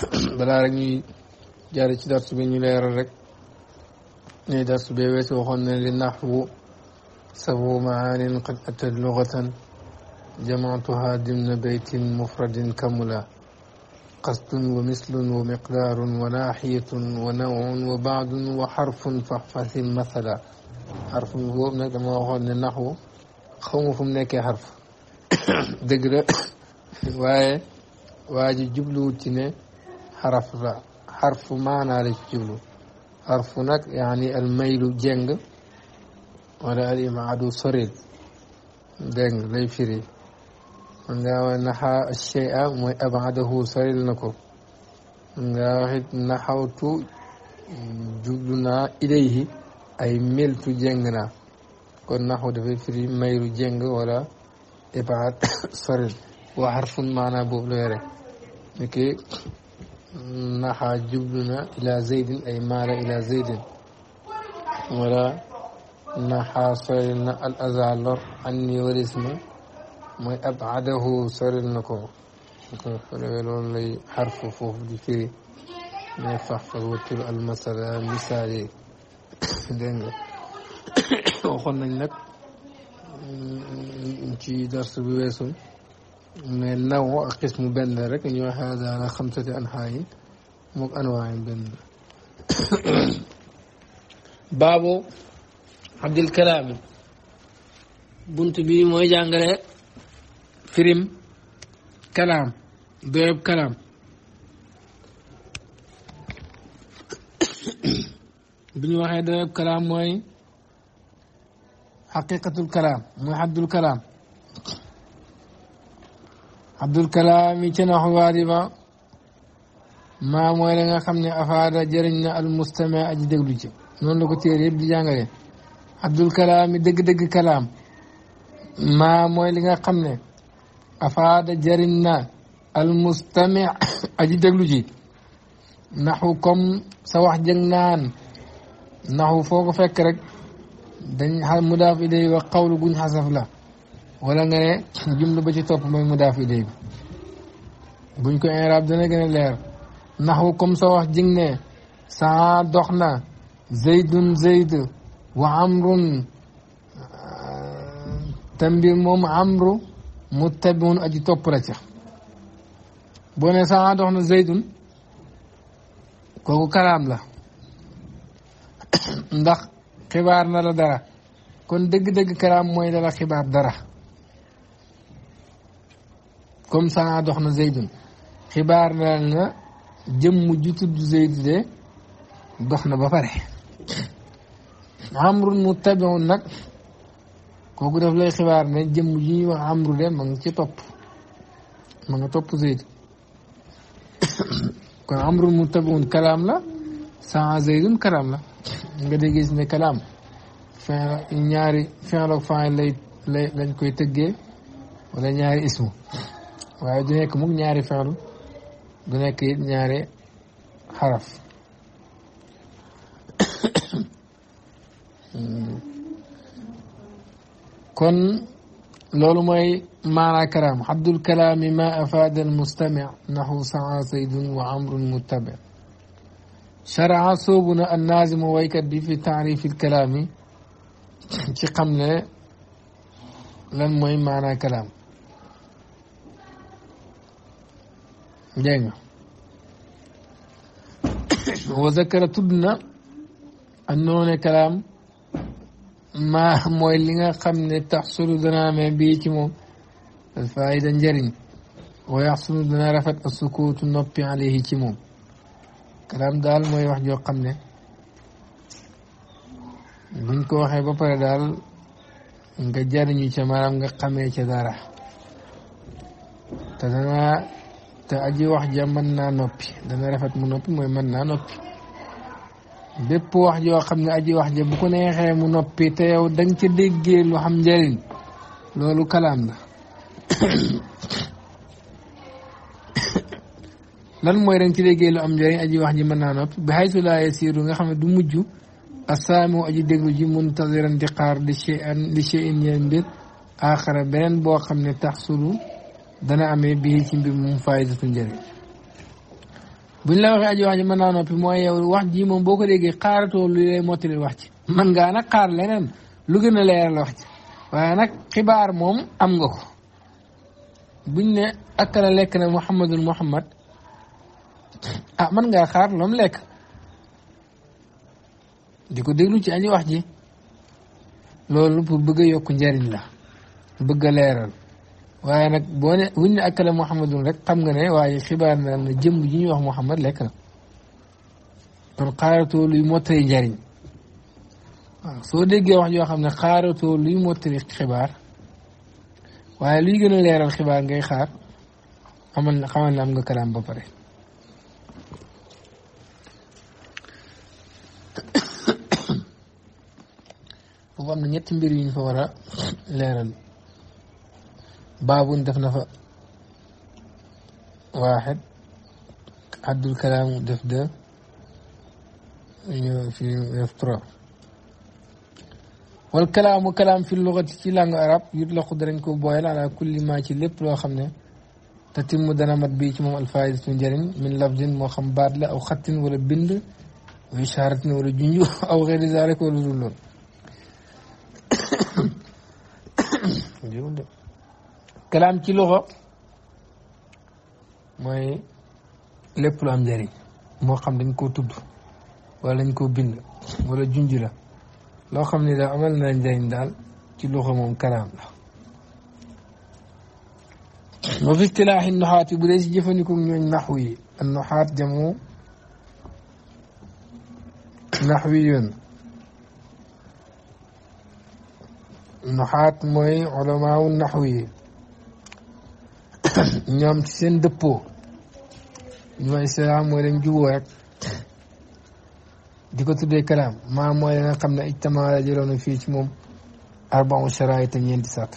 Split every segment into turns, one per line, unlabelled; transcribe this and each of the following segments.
balaa rek ñuy jaare ci darsu bi ñu leeral rek ne darsu bee weesu waxoon na li naxwu sabu maanin qad atat lugatan jamatuha dimna baytin mufradin kamula qasdun wa mislun wa miqdaarun wa naaxiyatun wa nawun wa naxwu xawma fu mu nekkee xarf waaye waa ji jubluwut ci ne xaraf la xarfu maanaa la ci jublu xarfu nag yaani al maylu jeng wala al imaadu soril dégg lay firi man ngaa wax naxa shay'a mooy abadahu soril na ko man ngaa waxit naxawtu jublu naa ilayhi ay miltu jeng naa kon naxu dafay firi maylu jeng wala ibaad soril waa xarfun maanaa boobu la yore نحى جبلنا إلى زيد أي مال إلى زيد ولا نحى سرنا الأزعل عني ورسم ما أبعده سرنكم كون فرغل لي حرف فوف دي ما فحفظ وتر المسألة مثالي دنگ waxon لك nak درس darsu النوع قسم بن ذلك إن هذا على خمسة أنحاء مو أنواع بن باب عبد الكلام بنت بي موي جانغري فريم كلام ديب كلام بني واحد ديب كلام موي حقيقة الكلام محد الكلام abdul kalaam yi ci naxwaari ba maa mooy la nga xam ne afaada jëriñ na al mustame aji déglu ci noonu la ko téere yëpp di jàngale abdul kalaam yi dëgg-dëgg kalaam maa mooy li nga xam ne afaada jëriñ na al mustame aji déglu ci naxu comme sa wax jëng naan naxu foo ko fekk rek dañ mudaaf ilay wa qawlu guñ xasaf la wala nga ne jumla ba ci topp mooy mudaaf ilay bi buñ ko inrab dana gën a leer naxwu comme sa wax jig ne saa dox na zaydun zayd wa amrun te mbir moom amru mu tabiun aji topp la ca boo ne saa dox na zaydun kooku kalaam la ndax xibaar na la dara kon dëgg-dëgg kalaam mooy dala xibaar dara comme ça dox na Zeydun xibaar na na jëmm ju tudd Zeydu de dox na ba pare amrun mu tabiun nag kooku def lay xibaar ne jëmm ji ñuy wax amru de ma ngi ci topp ma nga topp Zeydu kon amrun mu tabiun kalaam la saa Zeydun kalaam la nga dee gis ne kalaam fin ñaari fin ak fin lay lay lañ koy tëggee wala ñaari ismu waaye du nekk mukk ñaari fenlu du nekk it ñaari xaraf kon loolu mooy maanaa kalaam xaddul kalaami ma afaada almustami naxu saa saydun wa amrun muttabi sharaa soobu na annaazimu waykat bi fi taarifi alkalaami ci xam ne lan mooy maanaa kalaam dégg nga wa zakara tudd na ak mooy li nga xam ne taxsulu dana amee bii ci moom alfaida njëriñ wa yaxsulu dana rafet a sukuutu noppi alayhi ci moom kalaam daal mooy wax joo xam ne buñ ko waxee ba pare daal nga jariñu ca maanaam nga xamee ca dara te dana te aji wax ja mën naa noppi dana rafet mu noppi mooy mën naa noppi bépp wax joo xam ne aji wax ja bu ko neexee mu noppi te yow da ci ca déggee lu xam njëriñ loolu kalaam la lan mooy da ci déggee lu am njëriñ aji wax ji mën naa noppi bi xaytu laa nga xam ne du mujj asaamu aji déglu ji muntaziran di xaar di che an di che in yeen mbir aaxara beneen boo xam ne tax sulu dana amee bii ci mbir moom faydatu njëriñ buñ la waxee aji wax ji mën naa noppi mooy yow wax ji moom boo ko déggee xaaratoo lu lay mottali wax ci mën ngaa nag kaar leneen lu gën a leeral wax ci waaye nag xibaar moom am nga ko buñ ne akala lekk na muhammadul muhammad ah mën ngaa xaar loom lekk di ko déglu ci aji wax ji loolu pour bëgg a yokk la bëgg leeral waaye nag boo ne wuñ ne akala muhammadun rek xam nga ne waaye xibaar na ne jëmm ji ñuy wax muhammad lekk na kon xaaratoo luy mottali njariñ waaw soo déggee wax yoo xam ne xaaratoo luy mottali xibaar waaye luy gën a leeral xibaar ngay xaar xamal na xamal na am nga kalaam ba pare foofu am na ñetti mbir yuñ fa war a leeral بابون دفنا ف واحد عدو الكلام دف ده في يفترى والكلام كلام في اللغة في لغة العرب يطلق درنكو بويل على كل ما تلب لو خمنا تتم دنا مد بيك مم الفائز من من لفظ مو خم أو خط ولا بند وإشارة ولا جنجو أو غير ذلك ولا ذلون كلام كي لغة موي لب لام جاري مو خم دن كو تود ولا نكو بند ولا جنجلة لو خم ندا عمل نانجاين دال كي لغة موم كلام لا وفي اصطلاح النحاة بوليس جفنكم نيوان نحوي النحاة جمو نحويون نحات موي علماء النحويين ñoom ci seen dëppoo ñooy salaam mooy lañ juboo rek di ko tuddee kalaam maa mooy la xam ne ijtama la jëloon fii ci moom arba'u te ñeenti sart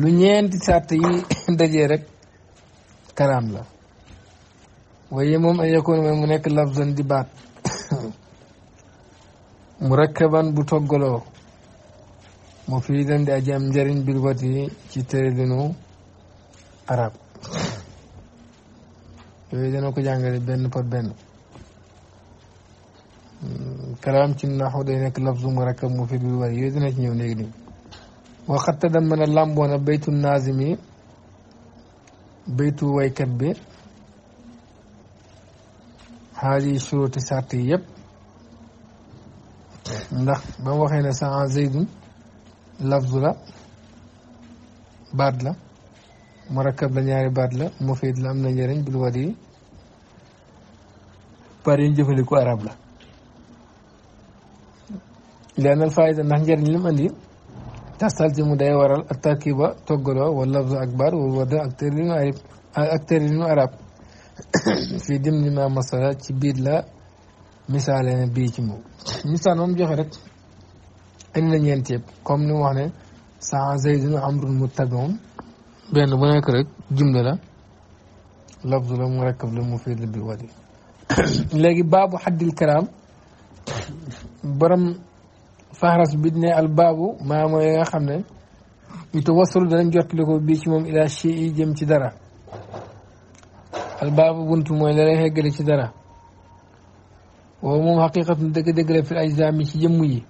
lu ñeenti sart yi dajee rek kalaam la waaye moom ay yakoon mooy mu nekk lafzan di baat murakkaban bu toggaloo moo fii dañ di aji am njëriñ bil wati ci tëradinu arab yooyu dana ko jàngale benn pot benn hmm, kalaam ci naxu day nekk lafzu murakkab moo fi bil wati yooyu dana ci ñëw léegi nii waxat te dama ne làmboona baytu naazimi baytu waykat bi xaali suróoti sart yi yëpp ndax ba waxee na sa en zeydun lafz la baat la murakkab la ñaari baat la mufiid la am na njëriñ bil wadi yi yi jëfandikoo arab la lenn alfaayda ndax njëriñ li mu tastal ci mu day waral ak tarkiba toggaloo wala lafz ak baat wala wada ak tërinu arab ak fii dim ni ma masala ci biir la misaale na bii ci moom misaal moom joxe rek ان نينت ييب كوم نيو واخني سا زيد بن عمرو المتبعون بن بو نيك رك جمله لا لفظ لا مركب لا مفيد بالوادي لغي باب حد الكلام برم فهرس بن الباب ما ما خامن يتوصل دا نجوت لكو بي سي موم الى شيء جيم سي دارا الباب بنت موي لا هيغلي سي دارا ومو حقيقه دغ دغ في الاجزاء مي سي جيم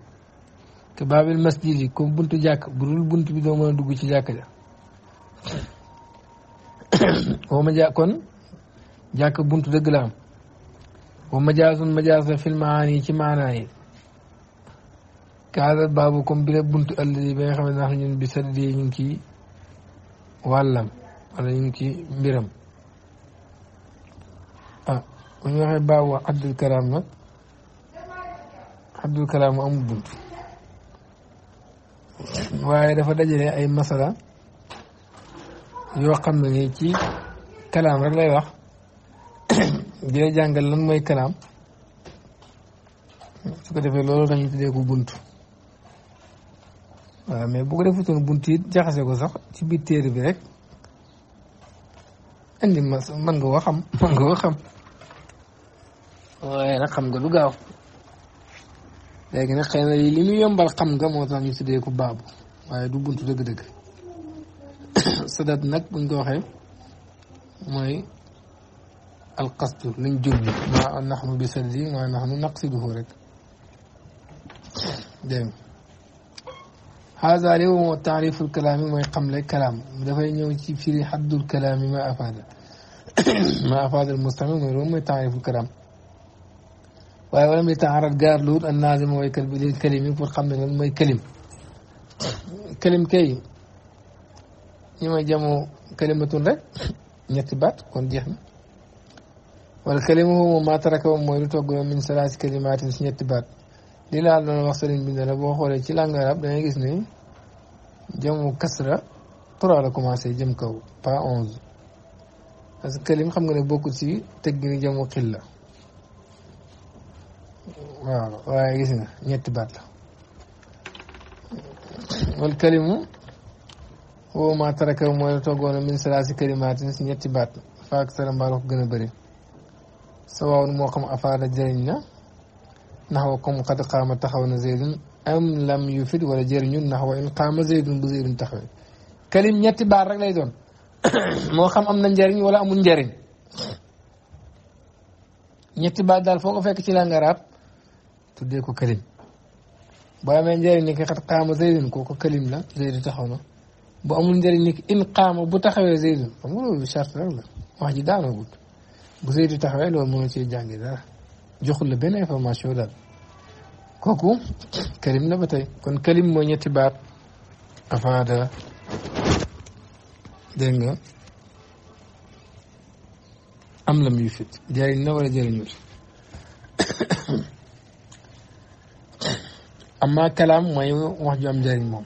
ke baabil masjid yi comme jàkk bu dul buntu bi doo mën a dugg ci jàkk ja woo ma ja kon jàkk buntu dëgg la am wa majaasun majaas la fil maani ci maanaa yi kaasal baabu comme bi la buntu ëll yi ba nga xam ne ndax ñun bi saddee ñu ngi ci wàllam wala ñu ngi ci mbiram ah bu ñu waxee baabu wax abdul kalaam nag amul bunt waaye dafa dajale ay masala yoo xam ne nii ci kalaam rek lay wax di la lan mooy kalaam su ko defee loolu dañu tuddee ko bunt waaw mais bu ko defutoon bunt yi jaxase ko sax ci biir téere bi rek indi mas man nga ko xam man nga ko xam waaye na xam nga du gaaw léegi nag xëy na li li muy yombal xam nga moo tax ñu tuddee ko baabu waaye du buntu dëgg-dëgg sadat nag buñ ko waxee mooy alqasdu liñ jublu ma naxnu bi saddi ma naxnu naqsiduhu rek dégg haada li moo taariful kalaami mooy xamle kalaam dafay ñëw ci firi xaddul kalaami ma afaada ma afaada almustami mooy loolu mooy taariful kalaam واي ولم يتعرض قال لود النازم وي كلمين كلمة فور خمين ما يكلم كلم كي يما جمو كلمة رك نتبات كون ديحنا والكلمة هو ما ترك وما يرتو من ثلاث كلمات نتبات لا لا لا من لا لا لا لا لا جمع كسرة ترى لا جمع كو با 11 لا لا لا لا لا لا لا لا waaw waaye gis nga ñetti baat la wal kalimu woo ma taraka mooy la toggoona min salaasi kalimaatin si ñetti baat faak sara mbaa la ko gën a bëri sa waaw moo xam afaada jëriñ na nax wa comme xad xaama taxaw na zeydun am lam yu fit wala jëriñun nax wa in xaama zeydun bu zeydun taxawee kalim ñetti baat rek lay doon moo xam am na njëriñ wala amul njëriñ ñetti baat daal foo ko fekk ci làngu araab tuddee ko kalim boo amee njëriñ ni ki xat qaama zaydun kooku kalim la zaydu taxaw na bu amul njëriñ ni ki in qaama bu taxawee zaydun xam nga loolu charte rek la wax ji daanagul bu zaydu taxawee loolu mën na cee benn information daal kooku kalim la ba tey kon kalim mooy ñetti baat afaada dégg am lam yu fit jëriñ na wala jëriñut اما كلام ما يوح جو ام جاري موم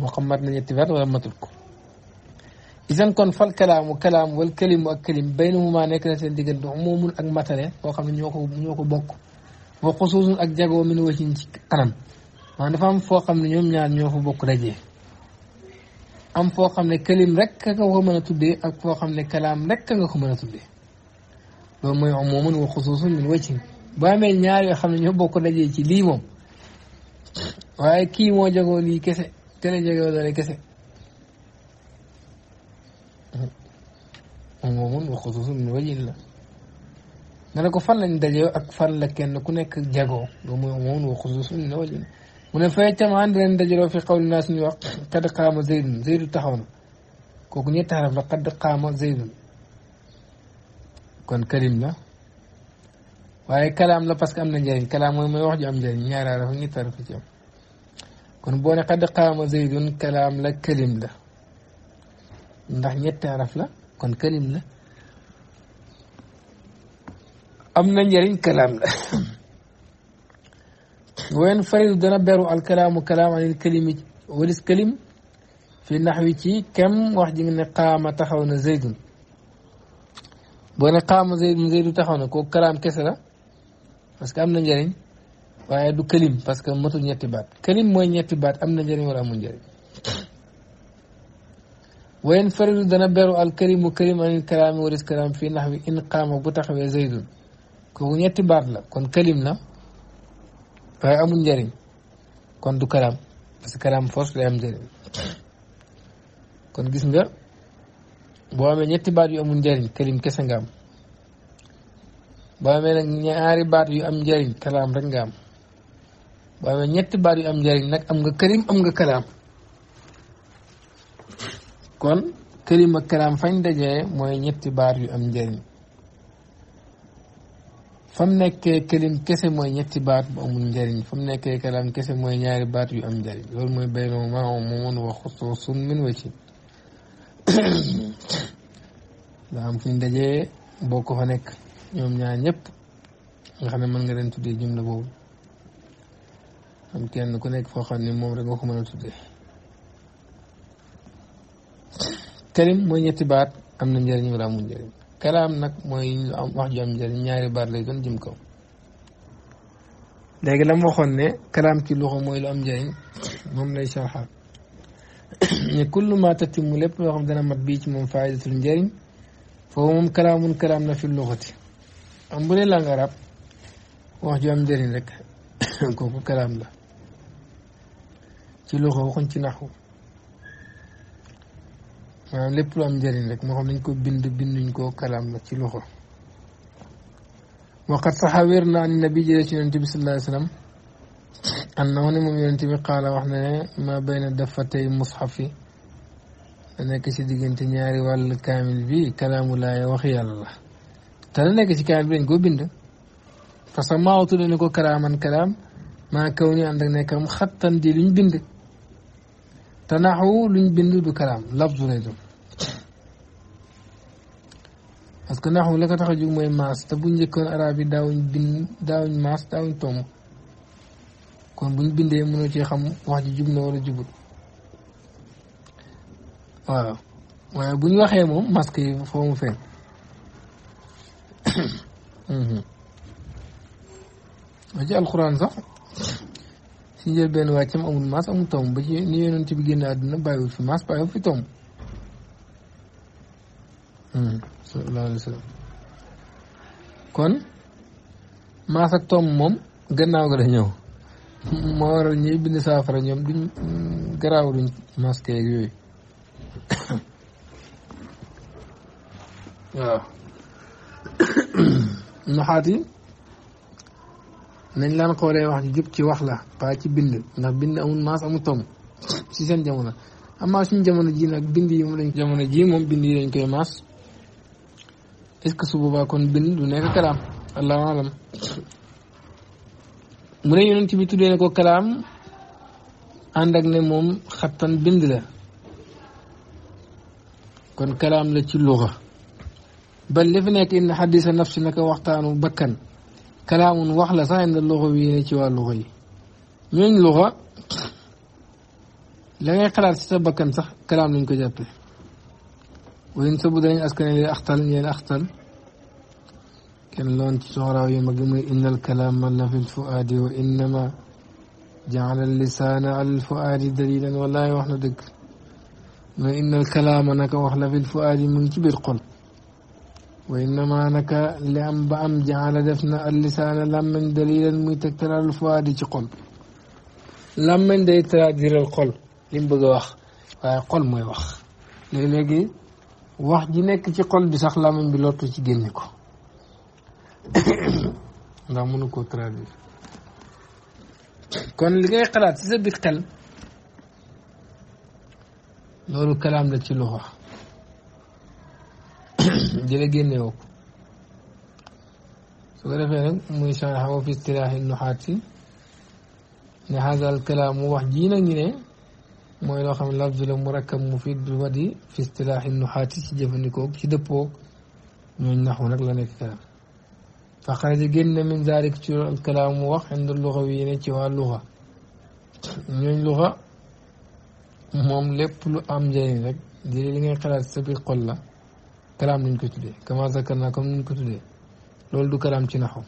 مقمر نجي تفات ولا متلكو اذا كون فال كلام وكلام والكلم والكلم بينهما نكنا سنتيجن عموم اك متل وخم نيوكو نيوكو بوك وخصوص اك جاغو من وجين سي كانام ما دا فام فو خم نيوم نيار نيوكو بوك داجي ام فو خم ني كلم رك كاكو مانا تودي اك فو خم ني كلام رك كاكو مانا تودي لو موي عموم وخصوص من وجين بامي نيار يخم نيوكو بوك داجي سي لي موم waaye kii moo jagoo lii kese kene jagoo dale kese umumun wa xususun min wajin la nga ne ko fan lañ daje ak fan la kenn ku nekk jagoo loolu mooy umumun wa xususun min wajin mu ne fay tam ànd leen dajaloo fi xawli naa suñu wax qaama zaydun zaydu taxaw na kooku ñetti xaraf la qad qaama zaydun kon karim la waaye kalam la parce que am na njëriñ kalaam mooy mooy wax ju am njëriñ ñaari araf ñetti araf ci am kon boo ne xad qaama zaydun kalaam la kalim la ndax ñetti araf la kon kalim la am na kalam la wayen faridu dana beru al kalaamu kalaam anil kalimi walis kalim fi naxwi ci kem wax ji nga ne qaama taxaw na zaydun boo ne qaama zaydun zaydu parce que am na njëriñ waaye du këlim parce que matul ñetti baat këlim mooy ñetti baat am na njëriñ wala amul njëriñ wayen faridu dana beru al këlimu këlim anil kalaami waris kalaam fii nax wi in bu taxawee zaydun kooku ñetti baat la kon këlim la waaye amul njëriñ kon du kalaam parce que kalaam force lay am njëriñ kon gis nga boo amee ñetti baat yu amul njëriñ këlim kese nga am boo amee nag ñaari baat yu am njariñ kalaam rek am boo ñetti baat yu am nag am nga kërim am nga kalaam kon kërim ak fañ dajee mooy ñetti baat yu am njëriñ fam nekkee këlim kese mooy ñetti baat bu amul njëriñ fam nekkee kalaam kese mooy ñaari baat yu am njëriñ loolu mooy bay noo ma moomoon soo sun min ci daa am fuñ dajee boo ko fa nekk ñoom ñaar ñépp nga xam ne mën nga leen tuddee jumla boobu am kenn ku nekk foo xam ni moom rek nga ko mën a tuddee kalim mooy ñetti baat am na njëriñ wala amul njëriñ kalaam nag mooy wax ju ñaari baat lay doon jëm kaw léegi la ne kalaam ci loxo mooy lu am njëriñ moom lay sarxaat ne kullu ma tatimu lépp loo xam dana mat bii ci moom faayidatul njëriñ foofu moom kalaamun kalaam na fi loxoti امبري لا غرب واخ جو ام ديرين رك كوكو كلام لا تي لوخو وخن تي نحو ما لپ لو ام ديرين رك مخم نكو بند بند نكو كلام لا تي لوخو وقد تحاورنا عن النبي جل الله عليه وسلم أنه نمو ينتمي قال وحنا ما بين دفتي مصحفي أنا كسي ديجنتي نياري والكامل بي كلام لا يوخي الله te la nekk ci kaay bi dañ koo bind parce que maaw tudde ni ko karaaman karaam maa kaw ni ànd ak nekkam xattan di luñ bind te naxu luñ bind du karaam labdu lay doon parce que naxu la ko tax a mooy maas te bu njëkkoon arab yi daawuñ bind daawuñ maas daawuñ tomb kon buñ bindee mënoo ci xam wax ji jub na wala jubut waaw waaye buñ waxee moom masque yi foo mu feeñ Mhm. ba ci alxuraan sax si njëlbeen wàccam amul maas amul tomb ba ci ni yonent bi génn àdduna bàyyiwul fi maas bàyyiwul fi tomb mhm, kon maas ak tomb moom gannaaw ga da ñëw moo waral ñuy bind saafara ñoom duñ garaaw duñ masque yooyu waaw naxaati nañ laan xoolee wax ji jub ci wax la pas ci bind ndax bind amul maas amul tom si seen jamono amaa suñu jamono ji nag bind yi moom lañ jamono ji moom bind yi dañ koy maas ne yonent bi tuddee ne ko kalaam ànd ak ne moom xattan bind la kon kalaam la ci luxa بل لفنك إن حديث النفس لك وقتان بكن كلام وحلا سائن اللغوي نتي واللغوي من لغة لا يقرأ سبكن صح كلام لنك جابه وين سبودين أسكن إلى أختل إلى أختل كان لون تصورة ويمجمي إن الكلام لا في الفؤاد وإنما جعل اللسان على الفؤاد دليلا والله وحنا ذكر وإن الكلام أنك وحلا في الفؤاد من كبر قلب وإنما نكا لأن بأم جعل دفن اللسان لم من دليل متكتر الفواد قل لم من ديتر دير القل لم بغا وخ آه، قل موي وخ لي لغي وخ جي نيك سي قل بي صاح لام بي لوتو سي غينيكو دا مونوكو ترادي كون لي قرات سي بيت قل لولو كلام لا سي لوخ di la génneewoo ko su ko defee nag muy saraxa fi istilaahi nuxaat si ne xaasal kalaamu wax jii nag ñu ne mooy loo xam ne lafzu la murakkab mufiid bi wadi fi istilaahi nuxaat si ci jëfandikoo ci dëppoo ñooñ naxu nag la nekk kalaam fa xaraja génn na min zaalik ci kalaamu wax inda luxa wi ne ci waa luxa ñooñ luxa moom lépp lu am njëriñ rek di li ngay xalaat sa biir xol la كلام نين كتودي كما ذكرناكم نين كتودي لول دو كلام تي نحو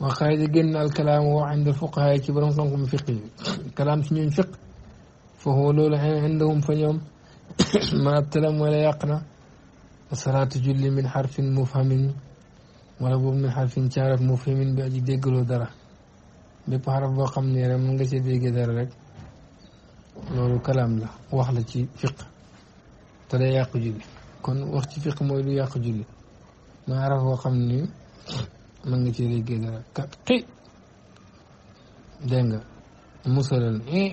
وخايد جن الكلام هو عند الفقهاء كي بروم سونكم فقهي كلام سي نين فقه فهو لول عندهم فنيوم ما ابتلم ولا يقنا الصلاة جل من حرف مفهم ولا بو من حرف تعرف مفهم بأجي ديغلو دارا بيب حرف بو خامني رام نغا سي ديغي دار رك لولو كلام لا واخ لا سي فقه te day yàq julli kon wax ci fiq mooy lu yàq julli mooy araf boo xam ni mën ngi ci déggee dara kat xi dégg nga musalal i eh.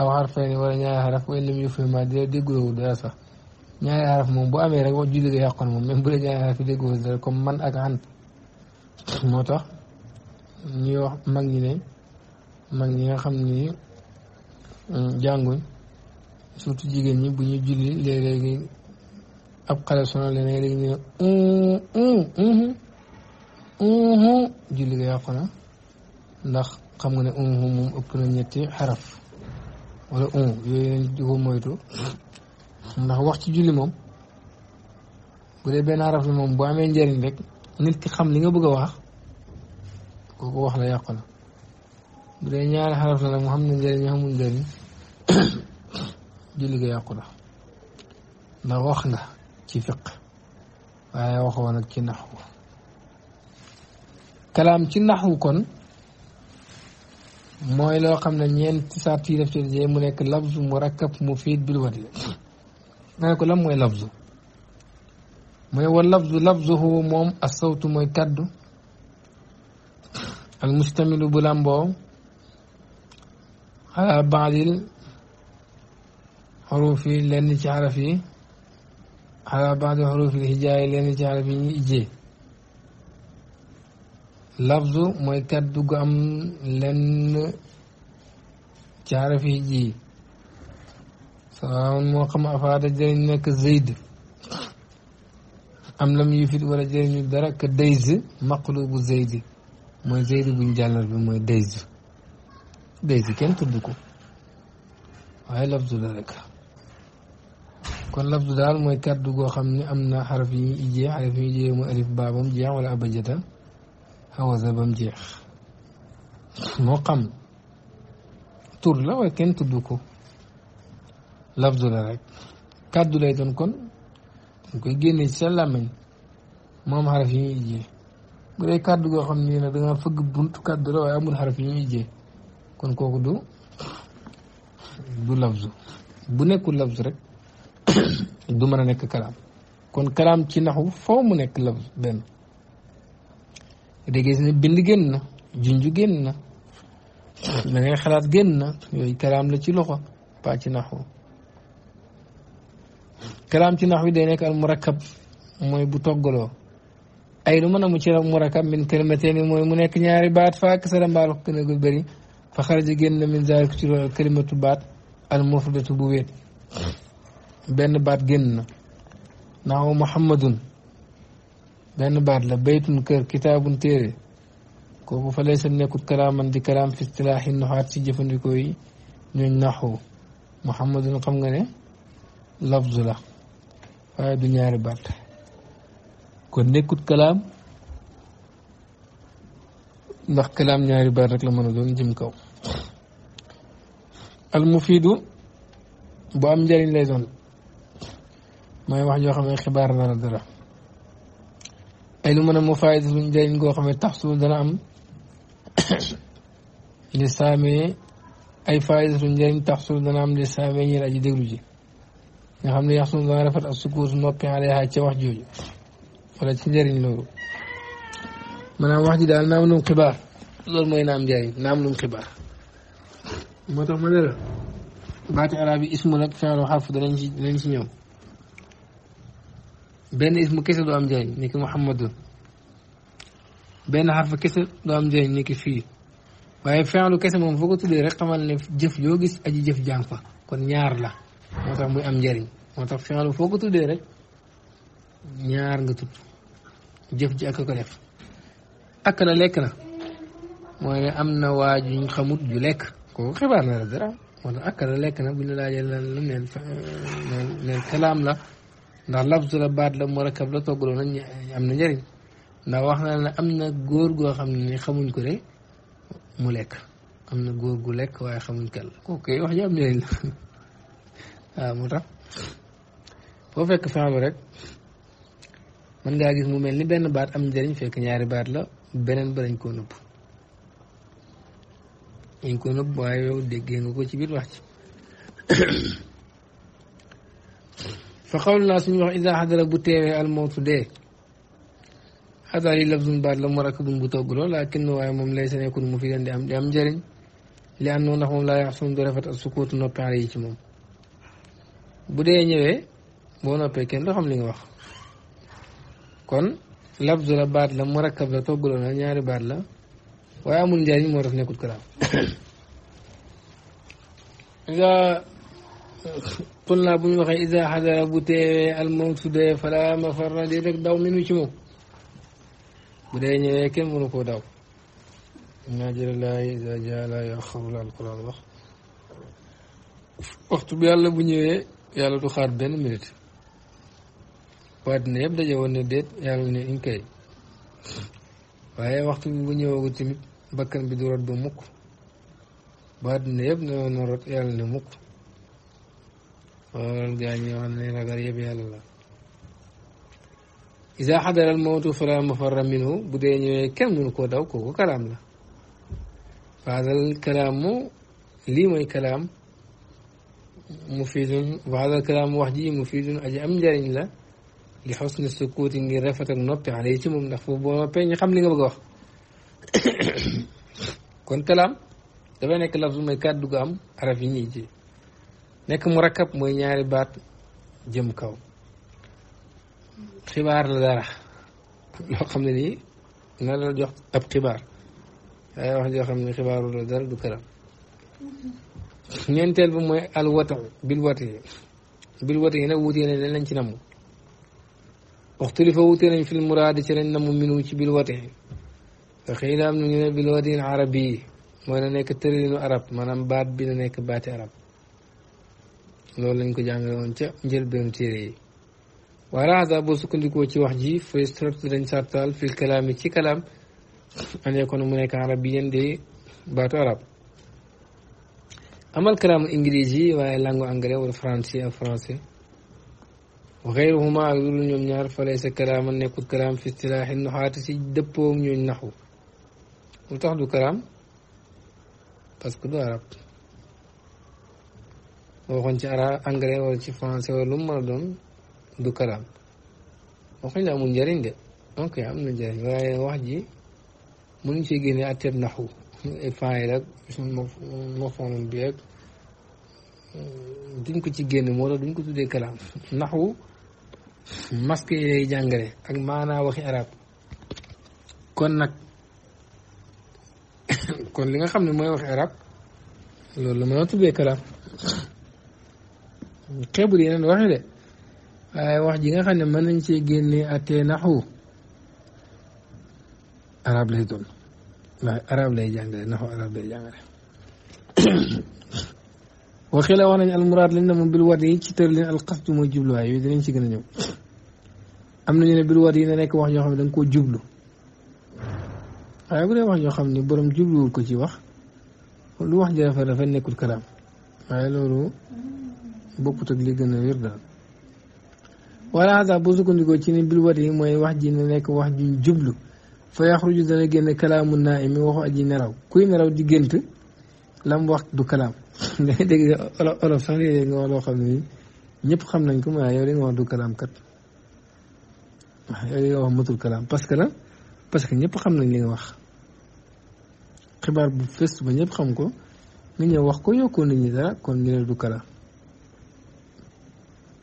aw xarfayni wala ñaari xaraf way lim yu fima dina dégguloo dara sax ñaari xaraf moom boo amee rek wax julli ga yàqoon moom même bu dee ñaari xaraf yi dara comme man ak ant moo tax ñuy wax mag ñi ne mag ñi nga xam ni mm, jànguñ surtout jigéen ñi bu ñu julli léeg-léegi ab xale sonal leen léegi ñu ne julli ga yàqu na ndax xam nga ne moom ëpp na ñetti xaraf wala un yooyu yéen di moytu ndax wax ci julli moom bu dee benn xaraf la moom bu amee njëriñ rek nit ki xam li nga bëgg a wax kooku wax la yàqu na bu dee ñaari xaraf la nag mu xam ne njëriñ xamul njëriñ julli ga yàqu na ndax wax na ci fiq waaye waxoon ak ci naxwu kalaam ci naxwu kon mooy loo xam ne ñeenti sart yi def ci dajee mu nekk labzu murakkab mufiid bil wadi nga ne ko lan mooy labzu mu ne wa labzu labzuhu moom assawtu mooy kaddu al mustamilu bu lamboo ala baadil حروف لأن تعرفي على بعض حروف الهجاء لأن تعرفي جي لفظ mooy kàddu gu am lenn ci xaraf yi ji sawaawun moo xam afaada jëriñ nekk zayd am lam yufit wala jëriñu dara ka dayz maqlubu zayd mooy zayd buñ jàllar bi mooy dayz dayz kenn tudd ko waaye lafzu la rek kon lafdu daal mooy kàddu goo xam ne am na xaraf yi ñuy ijjee xaraf yi ñuy ijjee mooy alif baa ba mu jeex wala abajata hawasa ba mu jeex moo xam tur la waaye kenn tudd ko lafdu la rek kàddu lay doon kon dañ koy génne ci sa làmmiñ moom xaraf yi ñuy ijjee bu dee kàddu goo xam ne nag da nga fëgg buntu kàddu la waaye amul xaraf yi ñuy ijjee kon kooku du du lafzu bu nekkul lafzu rek du mën a nekk kalaam kon kalaam ci naxu foo mu nekk la benn déggee ne bind génn na junj génn na da ngay xalaat génn na yooyu kalaam la ci loxo pas ci naxu kalaam ci nax wi day nekk al murakkab mooy bu toggaloo ay lu mën mu ci murakkab min kalimateen mooy mu nekk ñaari baat faak sa mbaalu ko gën gu bëri fa xaraja génn min zaalik ci baat al mufradatu bu wéet benn baat génn na naaw muhammadun benn baat la baytun kër kitaabun téere kooku fa lay sa nekkut kalaaman di kalaam fi istilaahi nuxaat si jëfandikoo yi ñooñ naxu muhammadun xam nga ne lafz la waaye du ñaari baat kon nekkut kalaam ndax kalaam ñaari baat rek la mën a doon jëm kaw al mufiidu bu am njëriñ lay doon ما يوحى جو خمي خبار دانا درا اي لو من مفايد من جاين جو خمي تحصول دانا ام لسامي اي فايد من جاين تحصول دانا ام لسامي ني راجي ديغلو جي ني خمي يحصل دانا رفت السكوز نوبي عليها تي واخ جوجي ولا تي جاري نورو من ام واحد دال نام نوم خبار لول موي نام جاي نام نوم خبار متى ما دارا باتي عربي اسمه لك فعل وحرف دانا نجي نجي نجي benn ismu kese du am njëriñ ni ki muhammadun benn xarfa kese du am njëriñ ni ki fii waaye fi'lu kese moom foo ko tuddee rek xamal ne jëf yoo gis aji jëf jàng fa kon ñaar la moo tax muy am njariñ moo tax fi'lu foo ko tuddee rek ñaar nga tudd jëf ji ak ko def ak la lekk na mooy ne am na waa juñ xamut ju lekk kooku xibaar na la dara moo tax ak la lekk na bu ñu laajee lan la neen neen kalaam la ndax labsu la baat la mu rakab la toggaloo nañ am na njëriñ ndax wax na ne am na góor goo xam ne xamuñ ko de mu lekk am na góor gu lekk waaye xamuñ kan la kooku kay wax ji am njëriñ la waaw moo tax foo fekk fen rek mën ngaa gis mu mel ni benn baat am njëriñ fekk ñaari baat la beneen ba lañ koo nëbb dañ koo nëbb waaye yow déggee nga ko ci biir wax ci fa xawlu naa suñu wax ida xadara bu teewee almawtu dee xadar yi labsun baat la mu rakk bun bu togg lool waaye moom lay sa nekkul mu fi den di am di am njëriñ li am noonu ndax moom laa yax suñu du rafet ak sukuutu noppi xale yi ci moom bu dee ñëwee boo noppee kenn doo xam li nga wax kon labsu la baat la mu rakkab la togg lool ñaari baat la waaye amul njëriñ moo tax nekkul kalaam قلنا بني وخا إذا حضر أبو تي الموت دي فلا مفر دي رك داو منو شمو بدي نيوي كم منو داو إن أجر الله إذا جاء لا يأخر ولا القرآن وقت وقت بي الله بني وي يالا تخار بين ملت بعد نيب دا جوان ديت يالا ني إنكي وهي وقت بني وي تمت بكن بدورات بمك بعد نيب نورت يالا ني مكو وهو الجاني والنيل غريب يلا إذا حضر الموت فلا مفر منه بدين كم من كودا وكو كلام لا فهذا الكلام لي موي كلام مفيد وهذا الكلام وحدي مفيد أجي أم جارين لا لحسن السكوت إن رفت النبت عليه تمم نخفو بوما بين خم لي بغوخ كون كلام دابا نيك لفظ موي كادو غام عرفي نيجي nekk mu rakkab mooy ñaari baat jëm kaw xibaar la dara loo xam ne nii na la jox ab xibaar waaye wax joo xam ne xibaaru la dara du këram ñeenteel bi mooy al watu bil watu yi bil watu yi nag wutee nañ leen lañ ci namm waxtu li fa wutee nañ fil muraadi ci lañ namm minu ci bil watu yi te xëy na am na ñu ne bil watu yi arab yi mooy na nekk tëralinu arab maanaam baat bi na nekk baati arab loolu lañ ko jàngale woon ca njëlbéenu téere yi waraada boo sukkandikoo ci wax ji fa sort dañ sartaal fil kalaam yi ci kalaam andee bi yéen de baatu arab amal kalaamu inglis yi waaye langue anglais wala français ak français wa xayruhuma ak lu ñoom ñaar fa laysa kalaaman nekkul kalaam fi istilaaxi nuxaati si dëppoo ñooñ naxu lu tax du kalaam parce du arab waxoon ci ara anglais wala ci français wala lu mu mën a doon du kalaam waxuñ la amul njëriñ de ok am na njëriñ waaye wax ji mënuñ ci génne atteeb naxu fay rek mafoonoon bi rek duñ ko ci génne moo duñ ko tuddee kalaam naxu masque yi lay jàngale ak maanaa waxi arab kon nag kon li nga xam ne mooy waxi arab loolu la mën a kalaam xeebul yeneen waxi de waaye wax ji nga xam ne mën nañ cee génne attee naxu arab lay doon ndax arab lay jàngale naxu arab lay jàngale waxi la wax nañ almuraad lañ ne moom bil war yi ci tërlin alqasdu mooy jubluwaay yooyu dinañ ci gën a ñëw am nañu ne bil nekk wax yoo xam ne da koo jublu waaye bu dee wax yoo xam ne borom jubluwul ko ci wax lu wax ji rafet nekkul karaam waaye loolu bokkut ak li gën a wér daal wala hada bu sukkandikoo ci ni bil wari mooy wax ji ne nekk wax ju jublu fa yaxruju dana génn kalaamu naa imi waxu aji nelaw kuy neraw di gént lam wax du kalaam danga nga wax ñëpp xam nañ ko waaye yow nga wax du kalaam kat waaw matul kalaam parce que la parce que ñëpp xam nañ li nga wax xibaar bu fës ba ñëpp xam ko nga ñëw wax ko yokkoo nit ñi dara kon ñu ne du kalaam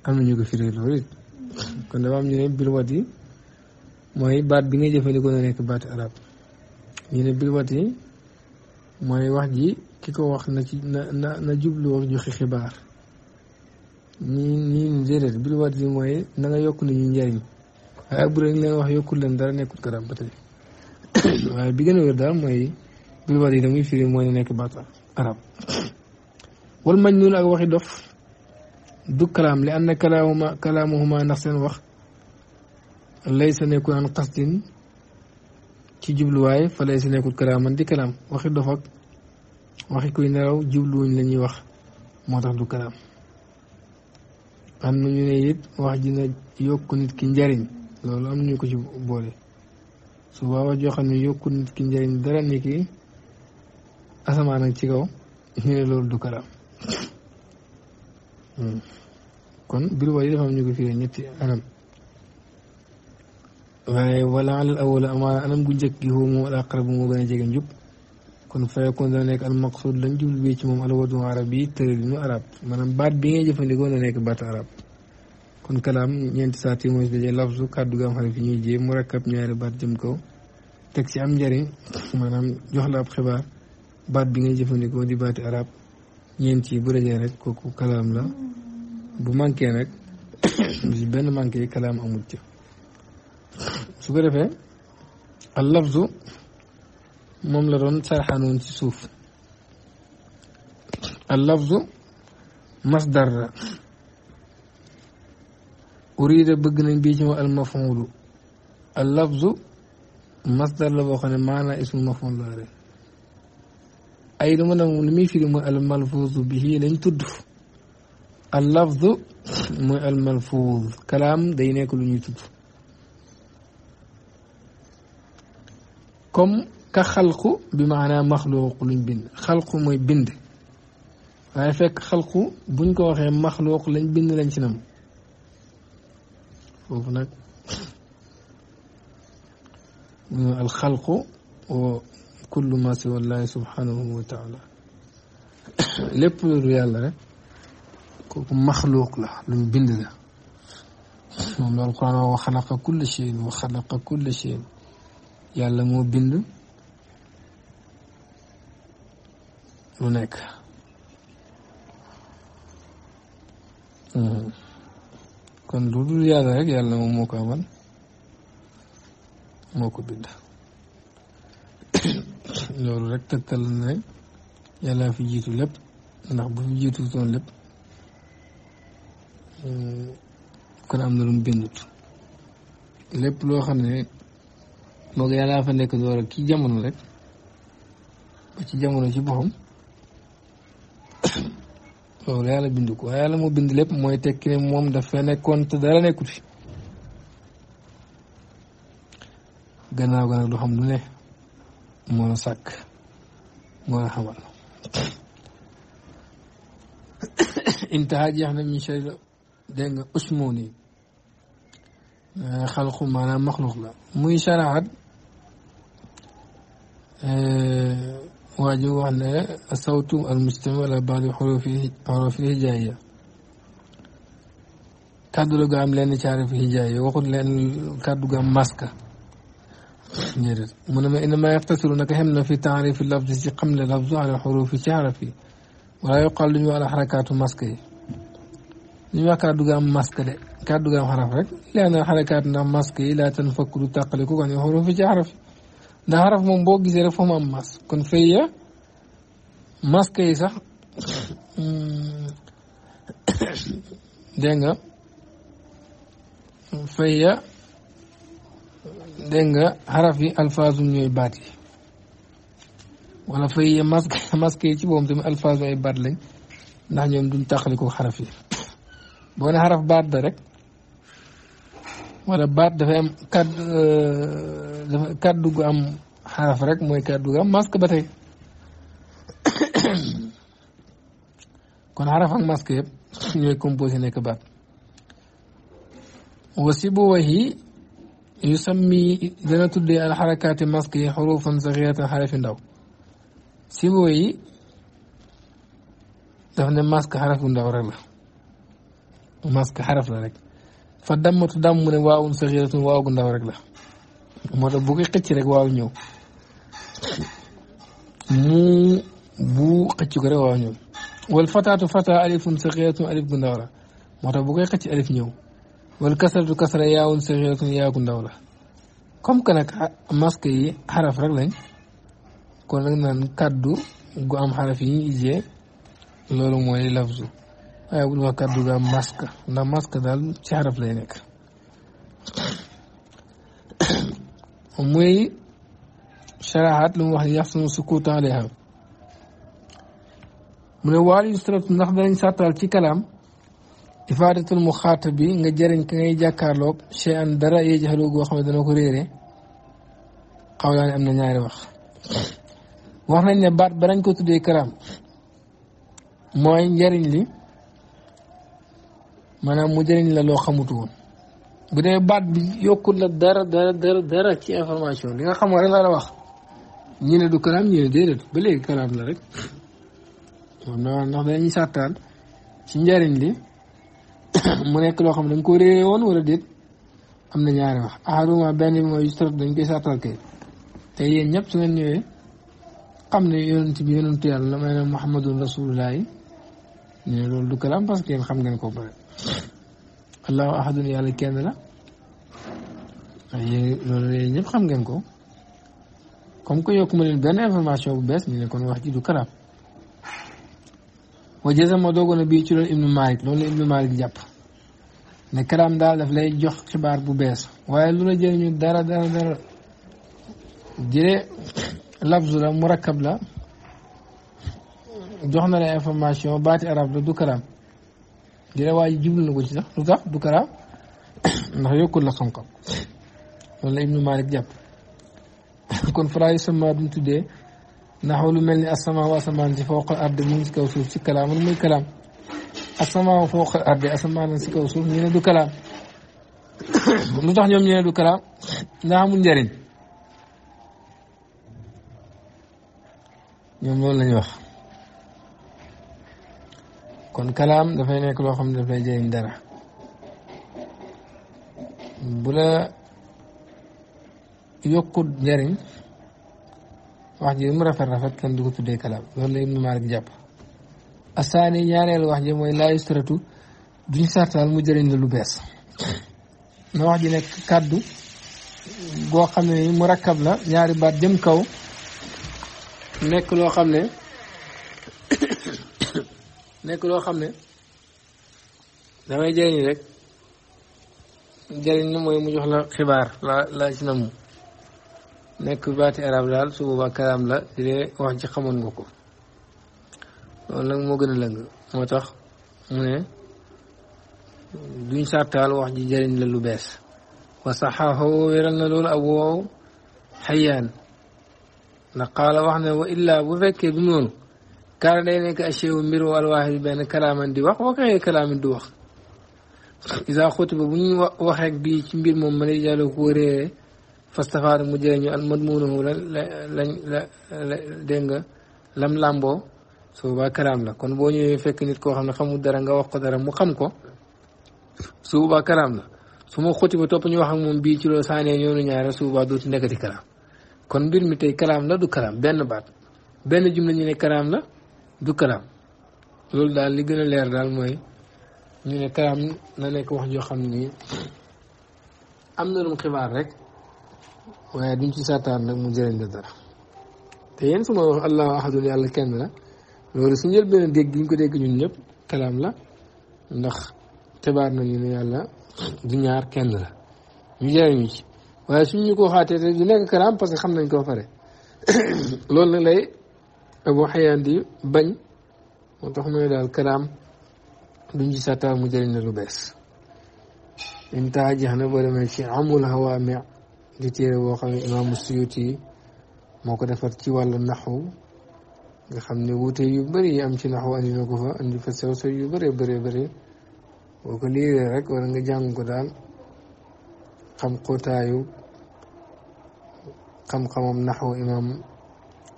am nañu ko firi loolu it kon dafa am ñu ne bil wat yi mooy baat bi nga jëfandikoo na nekk baat arab ñu ne bil yi mooy wax ji ki ko wax na ci na na na jublu wax joxe xibaar ñii ni déedéet yokk nañu njariñ waaye ak bu leen wax yokkul leen dara nekkul ko ba tey waaye bi gën a wér daal mooy bil wat yi damuy firi mooy nekk baat arab wal mañ noonu ak waxi dof du kalaam li ànd kalaamuma kalaamahuma ndax seen wax lay sa nekkul an xasdin ci jubluwaay fa lay sa nekkul kalaaman di kalaam waxi dof waxi kuy nelaw jubluwuñ lañuy wax moo tax du kalaam am na ñu ne it wax dina yokk nit ki njariñ loolu am nañu ko ci boole su baa wax joo xam ne yokku nit ki njariñ dara ni ki asamaan ak ci kaw ñu ne loolu du kalaam Hmm. kon bil wali dafa am ñu ko firee ñetti anam waaye wala alal awala amaana anam gu njëkk gi foofu moom al aqrabu moo gën a jege njub kon fayakoon dana nekk al maqsud lañ jublu bi ci moom al wadu arab yi maanaam baat bi ngay jëfandikoo na nekk baat arab kon kalaam ñeenti saa yi mooy si daje lafzu kàddu gi am xaraf yi ñuy jéem mu ñaari baat jëm ko teg ci am njariñ maanaam jox la ab xibaar baat bi ngay jëfandikoo di baati arab ñeent yi bu dajee rek kooku kalaam la bu manqué nag si benn manqué kalaam amul ci su ko defee al lafzu moom la doon sarxanoon ci suuf al lafzu masdar la urida bëgg nañ bii ci moom al mafulu al la boo xam ne maanaa ismu maful la اي لمن نمي في الملفوظ به لن تد اللفظ مو الملفوظ كلام دينيك لن تد كم كخلق بمعنى مخلوق لن بند خلق مو بند waaye fekk xalku buñ ko waxee maxluuq lañ bind lañ ci nam foofu nag al xalqu كل ما سوى الله سبحانه وتعالى لب ريال رك مخلوق له لم بندنا من القرآن وخلق كل شيء وخلق كل شيء يلا مو بند هناك كن دودو يالا رك يلا مو كمان مو كبند loolu rek tegtal na ne yàlla fi jiitu lépp ndax bu fi jiitu toon lépp eh, kon am na lu mu bindut lépp loo xam ne moo yàllaa fa nekk door ak ci jamono rek ba ci jamono ci boppam loolu yàlla bind ko yàlla moo bind lépp mooy tekki ne moom dafa nekkoon te dara nekkut fi gannaaw ga nag du xam lu ne مونا ساك مونا حمر انتهاج يحنا من شيء دينغ اسموني آه، خلق مانا مخلوق لا موي شرعات آه، واجو وحنا الصوت المستمع لبعض حروفه حروفه جاية kaddu lu gam len ci arif hijaya waxut len نيرت منما انما يقتصر نكهمنا في تعريف اللفظ في قمل اللفظ على حروف شعرفي ولا يقال لي على حركات مسكي نيما كادو غام مسكي كادو غام حرف رك لان حركات نام مسكي لا تنفكر تقلق عن حروف شعرف دا حرف مون بو غيسه رف مام مس كون فيا مسكي صح دنگا فيا dégg nga xaraf yi alfaazum ñooy baat yi wala fay masque yi ci boobu tamit alfaazum ay baat lañ ndax ñoom duñ taxaliko xaraf yi boo ne xaraf baat da rek wala baat dafay am euh, kàddu kàddu am xaraf rek mooy kàddu gu am masque ba tey kon xaraf ak yëpp ñooy composé baat wasi bu waxi يسمي دنا تدي الحركات ماسكي حروفا صغيرة حرف داو سيبوي دهن ماسك حرف داو رلا ماسك حرف لك فدم تدم من واو صغيرة واو داو رلا مرة بوكي قتش رك واو نيو مو بو قتش رك واو نيو والفتاة فتاة ألف صغيرة ألف داو رلا مرة بوكي قتش ألف نيو wal kasratu kasra yaawun saxiratun yaagu ndaw la comme que nag masque yi xaraf rek lañ kon nag naan kaddu gu am xaraf yi ñu loolu mooy lafzu waaye bul wax kaddu gu am masque ndax masque ci xaraf lay nekk muy sharaxaat lu mu wax yaxsunu sukuut alayha mu ne waal yustratu ndax danañ sàttal ci kalaam ifaadatul mu xaata bi nga jëriñ ka ngay jàkkaarloog chey an dara yee jaxaloo goo xam ne dana ko réere xawlaani am na ñaari wax wax nañ ne baat banañ ko tuddee karaam mooy njariñ li maanaam mu jëriñ la loo xamutu woon bu dee baat bi yokkul la dara dara dara dara ci information li nga xamoo rek la la wax ñu ne du karaam ñi ne déedéet ba léegi karaam la rek moom na ndax dañuy sàttaan ci njëriñ li mu nekk loo xam ne dañ ko réeré woon wala déet am na ñaari wax ahaduma benn bi mooy yustarat dañ koy saatal kay te yéen ñëpp su ngeen ñëwee xam ne yonent bi yonentu yàlla la may ne muhammadun rasulullah ne loolu du kalam parce que yéen xam ngeen ko bëri allahu ahadun yàlla kenn la yéen loolu yéen ñëpp xam ngeen ko comme que yokku ma leen benn information bu bees ñu ne kon wax ji du kalam wa jazama doogoon a bii ci loolu ibnu malik loolu la ibnu malik jàpp ne kalaam daal daf lay jox xibaar bu bees waaye lu la jëriñu dara dara dara jëlee lafzu la mu rakkab la jox na la information baati arab la du kalaam jëlee waa ji jublu na ko ci sax lu tax du kalaam ndax yokkul la xam-xam loolu la ibnu malik jàpp kon fara yu sama bi mu tuddee ndax lu mel ni asama wa asamaan ci fawqa ard mu ngi ci kaw suuf ci kalaam muy kalaam asamaan fooq arde ah, asamaan na si kaw suuf ñu du kalaam lu tax ñoom ñu du kalaam ndax amul njëriñ ñoom loolu lañu wax kon kalaam dafay nekk loo xam ne dafay jëriñ dara bula yokkut njëriñ wax ji mu rafet rafet kenn du ko tuddee kalaam loolu la Ibnu Maalik jàpp asaani ñaareelu wax ji mooy laa yustaratu duñ sartaal mu jëriñ la lu bees na wax ji nekk kàddu goo xam ne mu la ñaari baat jëm kaw nekk loo xam ne nekk loo xam ne damay jëriñ rek jëriñ na mooy mu jox la xibaar laa laa ci namu nekk baati arab daal su boobaa kalaam la di dee wax ci xamoon nga ko loolu moo gën a lëng moo tax mu ne duñ sartaal wax ji jëriñ la lu bees wa saxaaxoo wéral na loolu ab woow xayaan ndax qaala wax ne wa illaa bu fekkee du noonu kaara day nekk achéwu mbir wa alwaahid benn kalaaman di wax wa kay kalaamin du wax isa xutiba bu ñu waxeek bii ci mbir moom ma lay jàlloo ko réere fastafaar mu jëriñu al madmuunahu la la dégg lam làmboo su boobaa kalaam la kon boo ñëwee fekk nit koo xam ne xamul dara nga wax ko dara mu xam ko su karaam la su ma xoti ba topp ñu wax ak moom bii ci loolu saanee ñoonu ñaare su boobaa dootu nekkati kalaam kon mbir mi tey karaam la du kalaam benn baat benn jumla ñu ne kalaam la du kalaam loolu daal li gën a leer daal mooy ñu ne kalaam na nekk wax joo xam ni am na lum xibaar rek waaye duñ ci saataan nag mu jëriñ la dara te yéen su ma wax allahu ahadun yàlla kenn la loolu si njëlbéen dégg gi ñu ko dégg ñun ñëpp kalaam la ndax xibaar nañu ne yàlla du ñaar kenn la ñu jëriñu ci waaye suñ ñu ko xaatee te du nekk kalaam parce que xam nañ ko pare loolu nag lay Abu Hayyan di bañ moo tax mooy daal kalaam duñ ci sàttaal mu jëriñ la lu bees intaa jeex na boo demee ci amul hawaami di téere boo xam ne imaamu Suyuti moo ko defar ci wàllu naxu nga xam ne wuute yu bëri am ci naxu andi na fa andi fa sew sew yu bëree bëree bëri boo ko liiree rek wala nga jàng ko daal xam xóotaayu xam-xamam naxu imam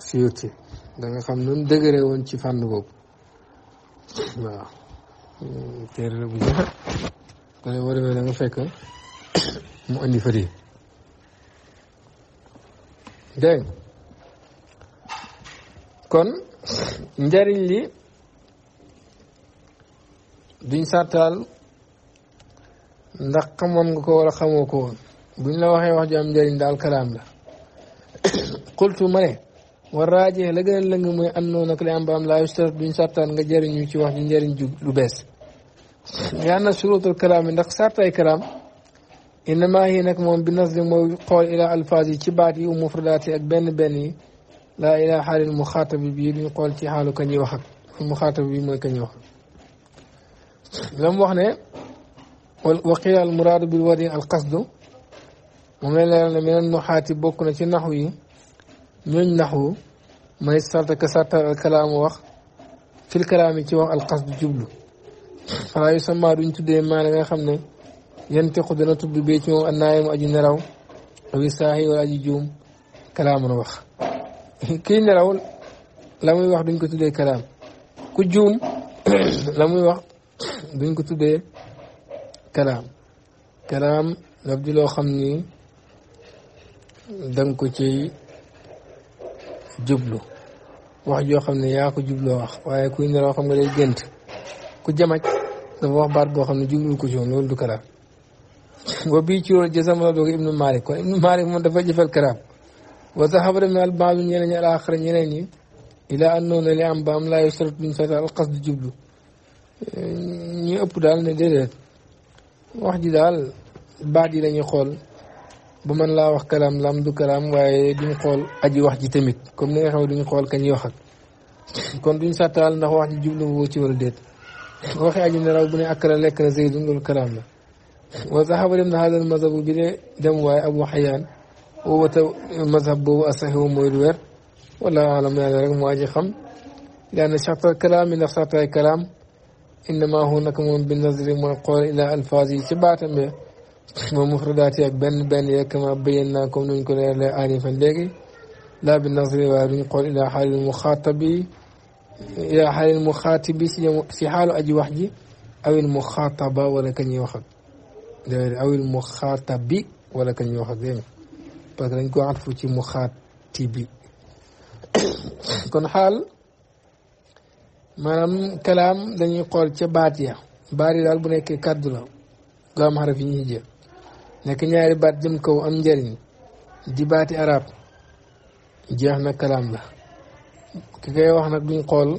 Suyuti da nga xam nu mu woon ci fànn boobu waaw hmm, téere bu jafe kone boo demee da fekk mu andi fëri dégg kon njariñ li duñ sàttaal ndax xamoon nga ko wala xamoo ko woon buñ la waxee wax ju am njariñ daal kalaam la qultu ma ne war raajee la gën a lëng mooy àndoo nag li am ba am laa yustarat duñ sàttaal nga jëriñu ci wax ji njëriñ ju lu bees yaa na surutul kalaam yi ndax sàrtaay kalaam innama yi nag moom bi nas li mooy xool ila alfaas yi ci baat yi u mufradaat yi ak benn benn yi لا إله إلا المخاطب بي لي قول تي حالو كاني وخك المخاطب بي موي كاني وخ لام وخني وقيل المراد بالوادي القصد ومن لنا من النحات بوكنا تي نحو ي نحو ما يسرت كسرت الكلام وخ في الكلام تي وخ القصد جبل فلا يسمى دون تدي ما لا خامني ينتقد نتب بي تي النايم اجي نراو ويساهي ولا جوم كلام وخ kii nelaw la muy wax duñ ko tuddee kalaam ku juum la wax duñ ko tuddee kalaam kalaam daf di loo xam ni danga ko ciy jublu wax joo xam ne yaa ko jubloo wax waaye kuy nelaw xam nga day gént ku jamaj dafa wax baat boo xam ne jublu ko ci woon loolu du kalaam boo bii ci loolu jësam la doog ibnu Malik kon ibnu Malik moom dafa jëfal kalaam وذهب لنا البعض من يلين الآخر يلين إلى أنه نلي عن بام لا يسرط من سيطة القصد جبلو ني أبو دال ندرد واحد دال بعد لن يقول بمن لا وح كلام لم دو كلام ويدين قول أجي واحد تميت كم نيحو دين قول كان يوحك كون دين ساتال نحو واحد جبلو ووتي ولدت وخي أجي نراو بني أكرا لك رزيدون دو الكلام وذهب لنا هذا المذهب بلي دم واي أبو حيان هو مذهب أصحيح ومويلوير ولا أعلم يعني رقم واجي خم لأن شرط الكلام من شرط الكلام إنما هناك من بالنظر من القول إلى ألفاظه تبعت ومخرجات بن بن كما بيناكم من كل آن فلدي لا بالنظر ولا بالقول إلى حال المخاطب إلى حال المخاطب في حال أجي وحدي أو المخاطبة ولكن يوخذ أو المخاطب ولكن يوخذ parce que dañ ko atfu ci mu xaati bi kon xaal maanaam kalaam dañuy xool ca baat ya baat yi daal bu nekkee kàddu la gu am xaraf nekk ñaari baat jëm kaw am njëriñ di baati araab jeex na kalaam la ki koy wax nag duñ xool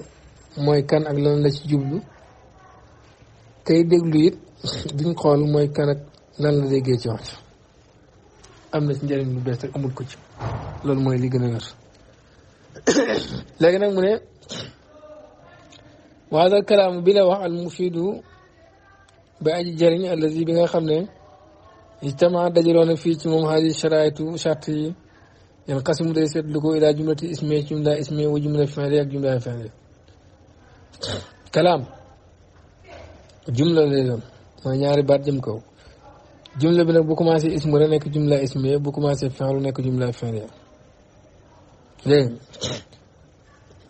mooy kan ak lan la ci jublu kay déglu it duñ xool mooy kan ak lan la déggee ci wax am na ci njëriñ bu bees rek amul ko ci loolu mooy li gën a wér léegi nag mu ne waadal kalaamu bi la wax al mufidu ba aji jëriñ allazi bi nga xam ne ijtama dajaloon fii ci moom haadi sharaitu charte yi yan xasimu day seetlu ko ilaa jumlati ismi jumla ismi ak jumla fi'li kalaam jumla lay doon mooy ñaari baat jëm kaw jumla bi nag bu commencé ismu rek nekk jumla ismiya bu commencé fi'lu nekk jumla fi'liya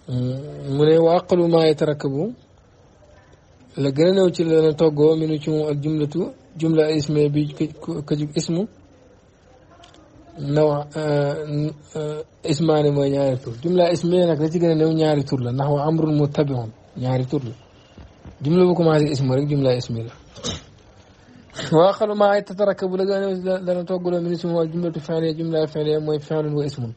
hmm, mu ne wa aqalu maa yatarakabu la gën a néew ci la toggoo minu ci moom ak jumlatu jumla ismiya bi ismu naw eh, eh, mooy ñaari tur jumla ismiya nag la ci gën a néew ñaari tur la ndax wa amrun muttabiun ñaari tur la jumla bu commencé ismu rek jumla ismiya la وآخر ما يتتركب لدينا لنا توقل من اسم هو والجملة فعلية جملة فعلية موي فعل واسم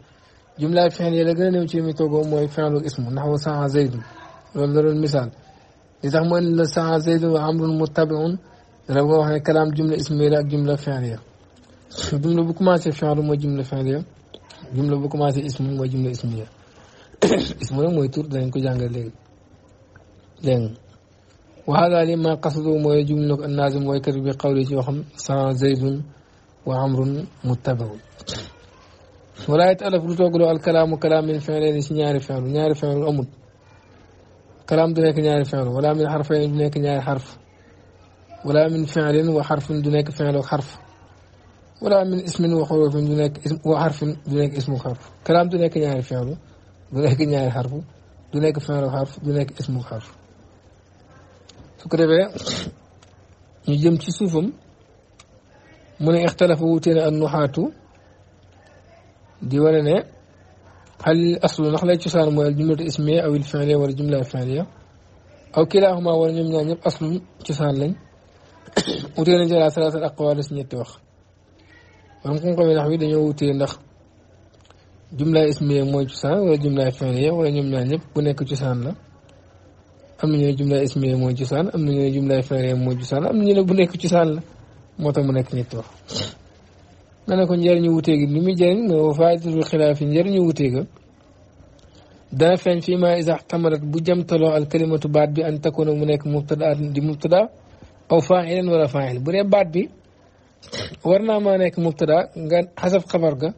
جملة فعلية لدينا وشي متوقع موي فعل واسم نحو ساعة زيد ونظر المثال إذا ما ساعة زيد وعمر متبع ربما هذا كلام جملة اسمية لا جملة فعلية جملة بكماسي فعل موي جملة فعلية جملة بكماسي اسم موي جملة اسمية اسم موي تور دين كو لين لين وهذا لما قصدوا ما يجب النازم ويكر بقوله وهم زيد وعمر متبع ولا يتألف لتقول الكلام كلام من فعلين يعرف فعل يعرف فعل الأمر كلام دونك يعرف فعل ولا من حرفين دونك يعرف حرف ولا من فعل وحرف دونك فعل وحرف ولا من اسم وحروف دونك اسم وحرف دونك اسم وحرف كلام دونك يعرف فعل دونك يعرف حرف دونك فعل حرف دونك اسم وحرف su ko defee ñu jëm ci suufam mu ne ixtalafa wuutee ne ak nuxaatu di wane ne xal aslu ndax lay cosaan mooy al jumlatu ismiya aw il fi'liya wala jumla fi'liya aw kilaahumaa wala ñoom ñaar ñëpp aslu cosaan lañ wutee nañ ci ala salaasal aqwaal si ñetti wax man ku nga xam ne ndax wi dañoo wutee ndax jumla ismiya mooy cosaan wala jumla fi'liya wala ñoom ñaar ñëpp bu nekk cosaan la am nañu ne jumlaay ismiya mooy cosaan am nañu ne jumlaay fi'liya mooy cosaan am nañu ne bu nekk cosaan la moo tax mu nekk ñetti wax nga ne ko njëriñu wutee gi ni wutee ga daa feeñ fii maa izaa bu jamtaloo al baat bi an takuna mu nekk mubtadaa di mubtadaa aw faa'ilan wala faa'il bu dee baat bi war naa maa nekk mubtadaa nga xasaf xabar ga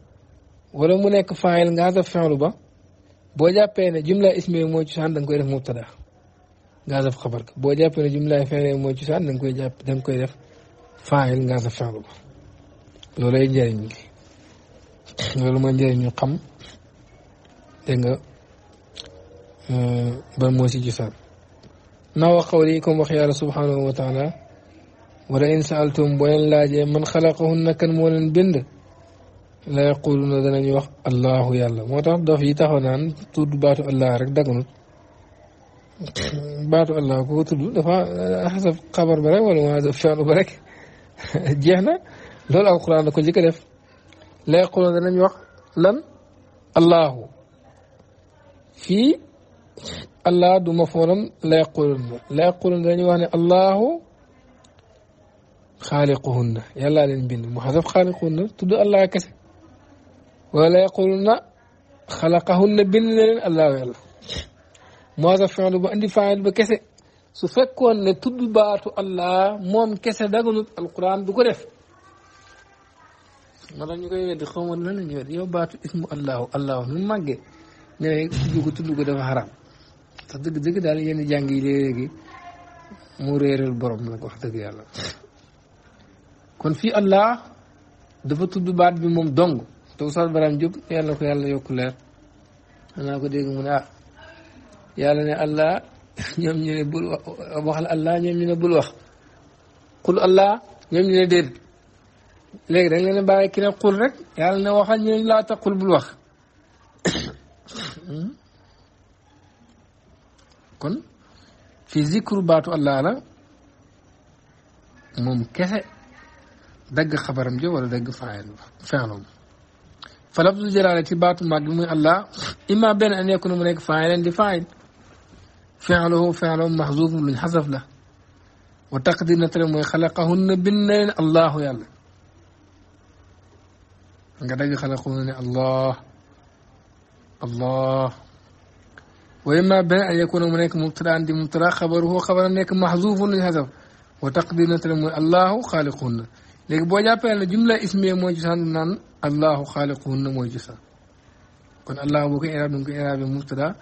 wala mu nekk faa'il nga xasaf fi'lu ba boo jàppee ne jumlaay ismiya mooy cosaan da nga koy def mubtadaa nga def xabar boo jàppee ne jumlaay feneen mooy cosaan da nga koy jàpp da nga koy def faayil nga def fexlu ba loolu ay njëriñ gi loolu mooy njëriñ ñu xam dégg nga ban moo si cosaan naa wax xawli comme wax yàlla subhanahu wa taala wala in saaltum boo leen laajee man xalaqahunna kan moo leen bind la yaquluna danañu wax allahu yàlla moo tax dof yi taxaw naan tudd baatu allah rek daganut بعد الله قوت دفع أحسب قبر برك ولا هذا فعل برك جهنا لول القرآن قرآن كل ذكر لا يقولون لم يوق لن الله في الله دو مفعول لا يقولون لا يقولون دني وان الله خالقهن يلا لين بين محذف خالقهن تدو الله كسر ولا يقولون خلقهن بين الله يلا moisa finlu ba andi faayil ba kese su fekkoon ne tudd baatu allah moom kese daganut alquran du ko def wala ñu koy weddi xawma lan lañu weddi yow baatu ismu allahu allahu nu màggee ne tudd ko tudd ko dafa haram te dëgg dëgg daal yenn jàng yi léegi mu réeral borom nag wax dëgg yàlla kon fii allah dafa tudd baat bi moom dong te sal baram Diop yàlla ko yàlla yokku leer danaa ko dégg mu ne ah yàlla ne allah ñoom ñu ne bul waxal allah ñoom ñu ne bul wax qul allah ñoom ñu ne déet léegi da nga leen bàyyi ki ne qul rek yàlla ne waxal ñu ne laa taqul bul wax kon fi zikru baatu allah la moom kese dagg xabaram jo wala dagg faayal fexlom fa lafzu jalaale ci baatu mag bi muy allah imma benn an yakuna mu nekk faayalan di faayil فعله فعل محظوظ من حذف له وتقدير نتر خلقهن بالنين الله يلا يعني. غدغ خلقهن الله الله وإما بين أن يكون هناك مبتدا عندي مبتدا خبره خبر هناك محذوف من حذف وتقدير نتر الله خالقهن لكن بوجا بين الجملة اسمية موجسة الله خالقهن موجزة كن الله بوكي إرابي بوكي إرابي مبتدا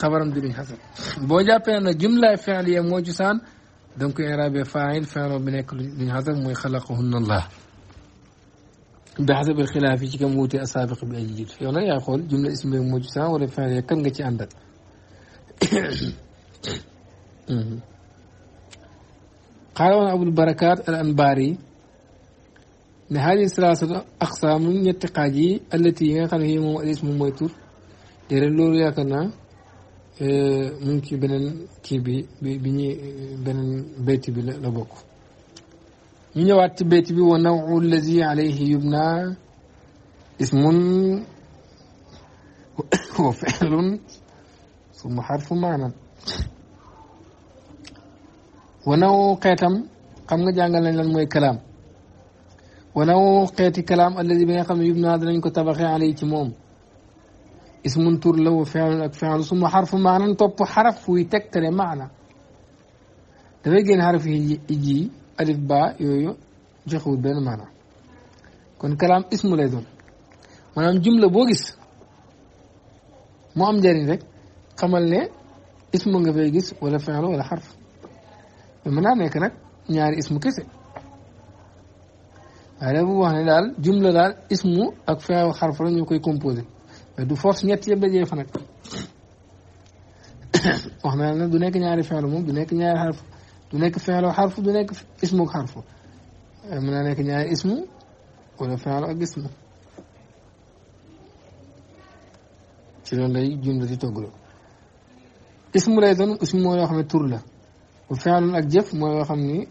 خبرم دلی حاصل بوجا پین جملہ فعلیہ موجسان دونك اعراب فاعل فعل بنكل من هذا مو خلقهن الله بحسب الخلاف شي كم موتي اسابق باجل يلا يا خول جمله اسم موجسا ولا فاعل كان غتي عندك قال ابو البركات الانباري ان هذه ثلاثه اقسام من التقاجي التي هي خل هي اسم موتور دير لور يا كنا Euh, mu ngi ci beneen kii bi bi bi ñuy beneen bayti bi la bokk ñu ñëwaat ci bayti bi wa nawu allazi alayhi yubna ismun wa filun suma xarfu maanan wa nawu xeetam xam nga jàngal nañ lan mooy kalaam wa nawu xeeti kalaam allazi bi nga xam ne yubna danañ ko tabaxee alayhi ci moom اسم تور لو فعل لك فعل ثم حرف معنى طب حرف ويتكر معنى تبقى نعرف يجي ألف باء يو يو جخو بين معنى كون كلام اسم لدون منام جملة بوغس ما جارين ذلك قمل لي اسم غفيغس ولا فعل ولا حرف منام يكنك نعر اسم كسي هذا هو جملة دال اسمه أكفاء وحرف لن يكون كومبوزي du force ñett yëpp dajee fa nag wax naa ne du nekk ñaari feelu moom du nekk ñaari xarfu du nekk feelu xarfu du nekk ismu ak xarfu mën naa nekk ñaari ismu wala feelu ak ismu ci loolu lay jumla di toggaloo ismu lay doon ismu mooy yoo xam ne tur la bu feelun ak jëf mooy yoo xam ni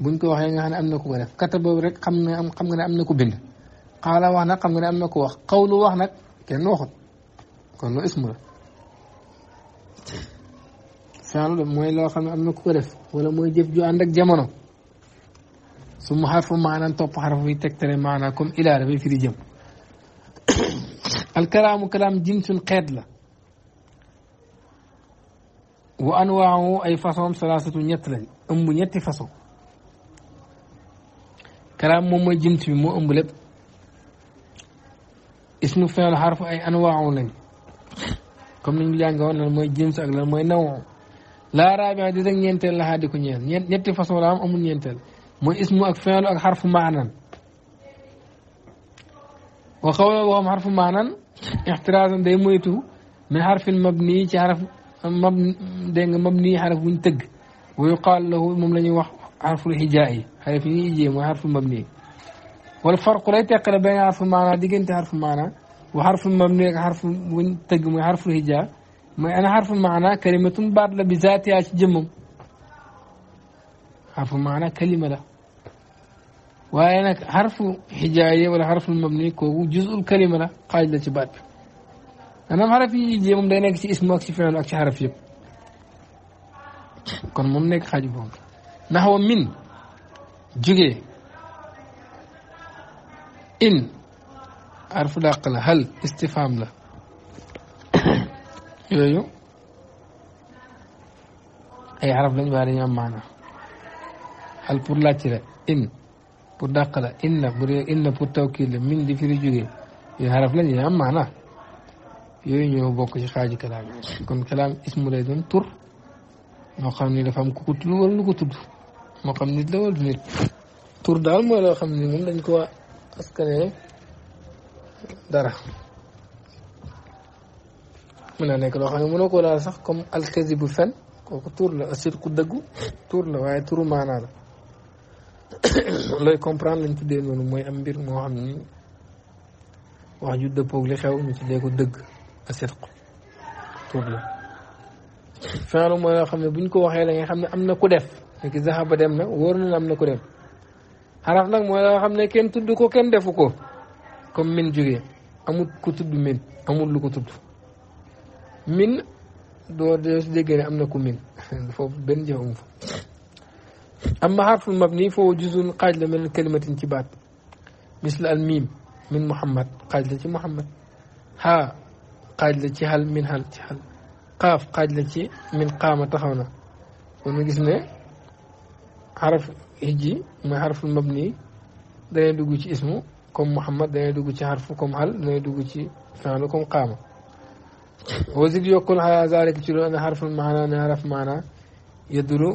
buñ ko waxee nga xam ne am na ku ko def kata rek xam am xam nga ne am na ku bind xaala wax nag xam nga ne am na ku wax xawlu wax nag كان نوخل كان له اسمه ده فعلا موي لو خامي امنا كورف ولا موي جيف جو عندك جمانو ثم حرف معنا توب حرف في تكتري معناكم الى ربي في الجم الكلام كلام جنس قيد لا وانواعه اي فصوم ثلاثه نيت لا ام نيت فصوم كلام مو جنس مو ام لب اسم فعل حرف اي انواع لن كم نين لان غون موي جيمس اك لان موي نو لا رابع دي رك نينتل لا حد كو نين نيت فاصون لا ام امون نينتل موي اسم اك فعل اك حرف معنى وقول الله حرف معنى احترازا دي مويتو من حرف مبني تي مبني دنگ مبني حرف وين تگ ويقال له موم لا وخ حرف الهجائي حرف ني جي مبني والفرق لا يتقل بين حرف المعنى دي انت حرف المعنى وحرف المبني حرف وين تجمع حرف الهجاء ما انا حرف المعنى كلمة بعد بذاتها تجمع حرف المعنى كلمة لا وانا حرف حجاية ولا حرف المبني كو جزء الكلمة لا قاعدة تبات انا ما حرف جمم دا نك اسم اك فعل اك حرف يب كون ممنك نك نحو من جوجي in arfu dàq la hal istifham la yooyu ay araf lañ waaye dañu am maana hal pour laajte la in pour dàq la in na bu dee in na pour tawkiid la min di firi jógee yooyu araf lañ dañu am maana yooyu ñoo bokk ci xaaju kalaam kon kalaam ismu lay doon tur moo xam ni dafa am ku ko tudd wala lu ko tudd moo xam nit la wala du nit tur daal mooy loo xam ni moom dañ ko أسكني دارا من أنا كلو خلينا منو كلا صح كم الكذب فن كتور لا أصير ان تور لا وعي تور ما أنا لا لا يكمبران لين تدي من موي ان موهم وعجود دبوغ لي خاو مثل ليكو دغ أصير تور لا فعلوا ما خلينا بنكو وحيلا يعني خلينا أمنا كدف لكن ذهب بدمنا ورنا أمنا كدف xaraf nag mooy loo xam ne kenn tudd ko kenn defu ko comme min jógee amul ko tudd min amul lu ko tudd min doo doo si dégg ne am na ku min foofu benn jëf amu fa amma xarful mabni foofu juzun xaaj la mel kalimatin ci baat misla al mim min muhammad xaaj la ci muhammad ha xaaj la ci hal min hal ci hal qaaf xaaj la ci min qaama taxaw na kon gis ne xaraf hijji mooy xarful mabni danay dugg ci ismu comme Muhammad danay dugg ci xarfu comme xal danay dugg ci fi'lu comme qaama wasit yokkul xalaa zaalika ci loolu ne xarful maanaa ne xaraf maanaa yadulu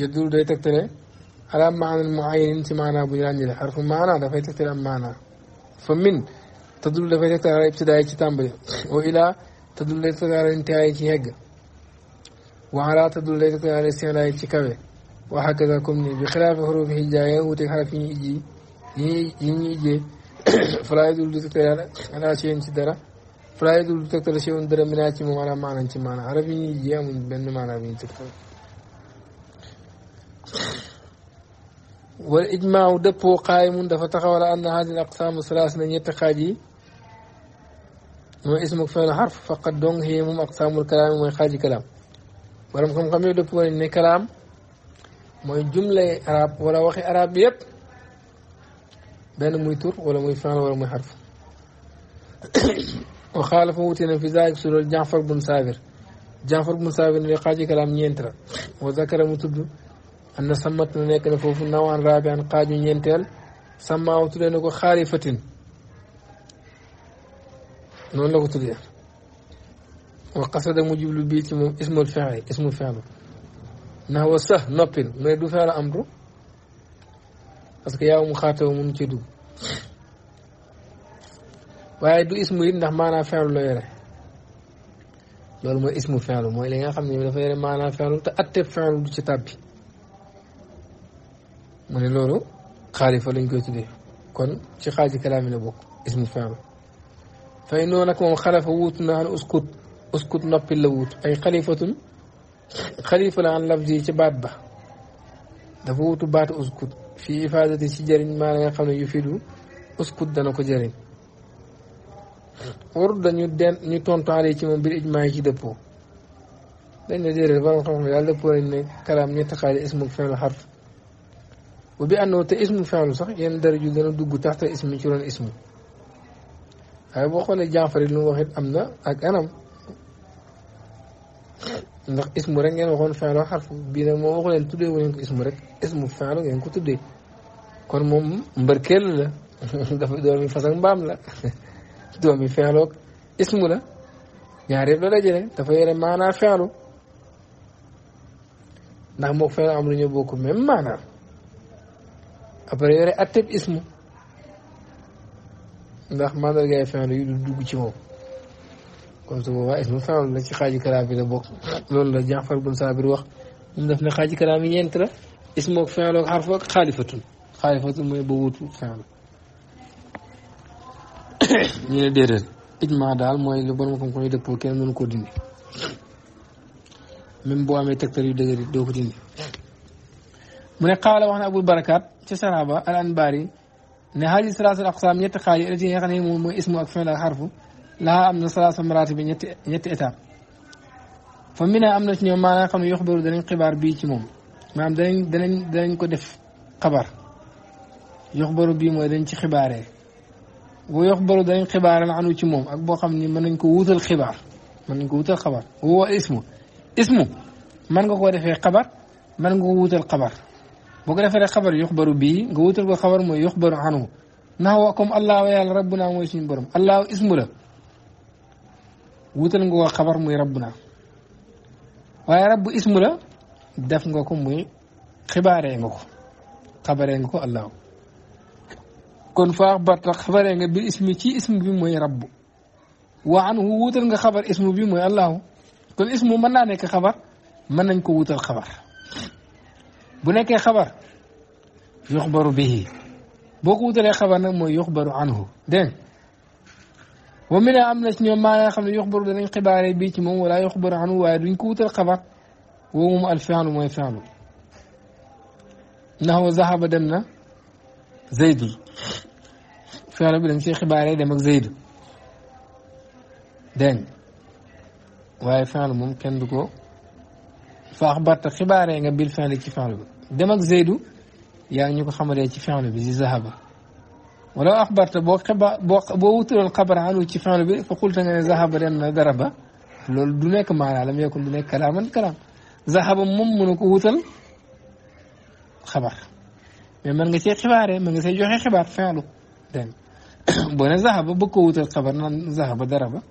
yadulu day tegtale ala maanaa muayyanin si maanaa bu ñu ràññale xarfu maanaa dafay tegtale am maanaa fa min tadulu dafay tegtale ala ibtidaay ci tàmbali wa ilaa tadulu day tegtale ala intihaay ci hegg وعلى تدل على استعلاء تكوي وهكذا كمني بخلاف حروف هجاية وتك حرف يجي يجي فلا يدل على شيء تدرى فلا يدل على شيء درى من ممعنى معنى انت معنى عربي يجي يامن بين معنى بين تكوي والإجماع دبو قائم دفتق ولا أن هذه الأقسام الثلاث من يتقاجي واسمك فعل حرف فقد دون هي مم أقسام الكلام ويخاجي كلام borom xam-xam yi dëppoo nañ ne kalaam mooy jumle arab wala waxi arab bi yépp benn muy tur wala muy fan wala muy xarf wa xaalafa wuti na fi zaalik su loolu Jaafar bun Saabir Jaafar bun Saabir ne xaaji kalaam ñeent la wa zakara mu tudd am na sammat na nekk na foofu nawaan raabian xaaju ñeenteel samaaw tuddee na ko xaari fatin noonu la ko tuddee وقصد مجيب لبيت مم اسم الفعل اسم الفعل نهو سه نبل ما يدو فعل أمره بس كي يوم خاطر من كدو وهذا اسم يد نه معنى فعل لا يره لول مو اسم فعل مو اللي يخم نيم دافاي ما معنى فعل تا ات فعل دو سي تابي من لولو خالف لا نكو تدي كون سي خاجي كلامي لا بوك اسم فعل فإنه نكم خلف ووتنا أن أسكت اسكت نوبي لوت اي خليفه خليفه لان لفظي تي بات با دفوت بات اسكت في افاده سي جارين ما لا خا يفيدو اسكت دانكو جارين ور دانيو دين ني تونتالي تي مبير اجماع تي دبو دنا دير بان خا يال دبو ني كلام ني تخالي اسم فعل حرف وبانه تا اسم فعل صح ين درجو دانا دغ تحت اسم تي رون اسم اي بو جعفر لو وخيت امنا اك انام ndax ismu rek ngeen waxoon fenlo xarfu bii nag moom waxu leen tuddee wu leen ko ismu rek ismu fenlo ngeen ko tuddee kon moom mbërkeel la dafa doomi fas mbaam la doomi fenloog ismu la ñaar yëpp la dajale dafa yore maanaa fenlu ndax moo fenlo am lu ñu bokk même maanaam après yore atteb ismu ndax mandargaay yi du dugg ci moom kon su boobaa ismu saam la ci xaaji kalaam bi la bokk loolu la Jaafar bun Saabir wax mu def ne xaaji kalaam yi ñeent la ismu ak fi'l ak xarf ak xaalifatun xaalifatun mooy ba wutu fi'l ñu ne déedéet ijma daal mooy lu borom xam-xam yi dëppoo kenn mënu koo dindi même boo amee tegtal yu dëgër yi doo ko dindi mu ne xaala wax na abul barakat ci saraba al anbaari ne xaaji salaasul aqsaam ñetti xaaj yi nga xam ne moom mooy ismu ak fi'l ak xarfu لها أمن ثلاث مراتب نت إتا فمنا أمن نيوم ما نقم يخبر دلين قبار بيك موم ما أم دلين دلين دلين كدف قبر يخبر بي مو دلين خباره ويخبر دلين خبار عنه تي موم أك بو خم ني من نكو ووتل خبار من نكو ووتل خبار هو اسمه اسمه من نكو كو دفي خبر من نكو ووتل خبر بو كو دفي خبر يخبر بي نكو ووتل خبر مو يخبر عنه نهوكم الله ويا ربنا مو سين بروم الله اسمه له wutal nga ko xabar muy rabbuna naa waaye rabb ismu la def nga ko muy xibaaree nga ko xabaree nga ko allahu kon faax barta xabaree nga bi ismi ci ismu bi mooy rabb wa anhu wutal nga xabar ismu bi mooy allahu kon ismu mën naa nekk xabar mën nañ ko wutal xabar bu nekkee xabar yuxbaru bihi boo ko wutalee xabar nag mooy yuxbaru anhu dégg ومن أمنا سنيوم مالا خمنا يخبر لنين قباري بيتي مو ولا يخبر عنه وارد كوت القبر وهم ألفان وما يفعلوا إنه ذهب دمنا زيد فعلا بلن شيخ باري دمك زيد دين ويفعل ممكن دكو فأخبرت خباري بالفعل كيف فعلوا دمك زيد يعني يكون خمري كيف فعلوا بزي ذهبه ولا أخبرت بوك بوك بوتر القبر عنه كيفان به فقلت أنا ذهب لأن ضربة لول دونيك معنى علم يكون دونيك كلاما كلام ذهب ممن كوتل خبر من غير خبر من غير جوه خبر فعله دم بنا ذهب بكوت الخبر ذهب ضربة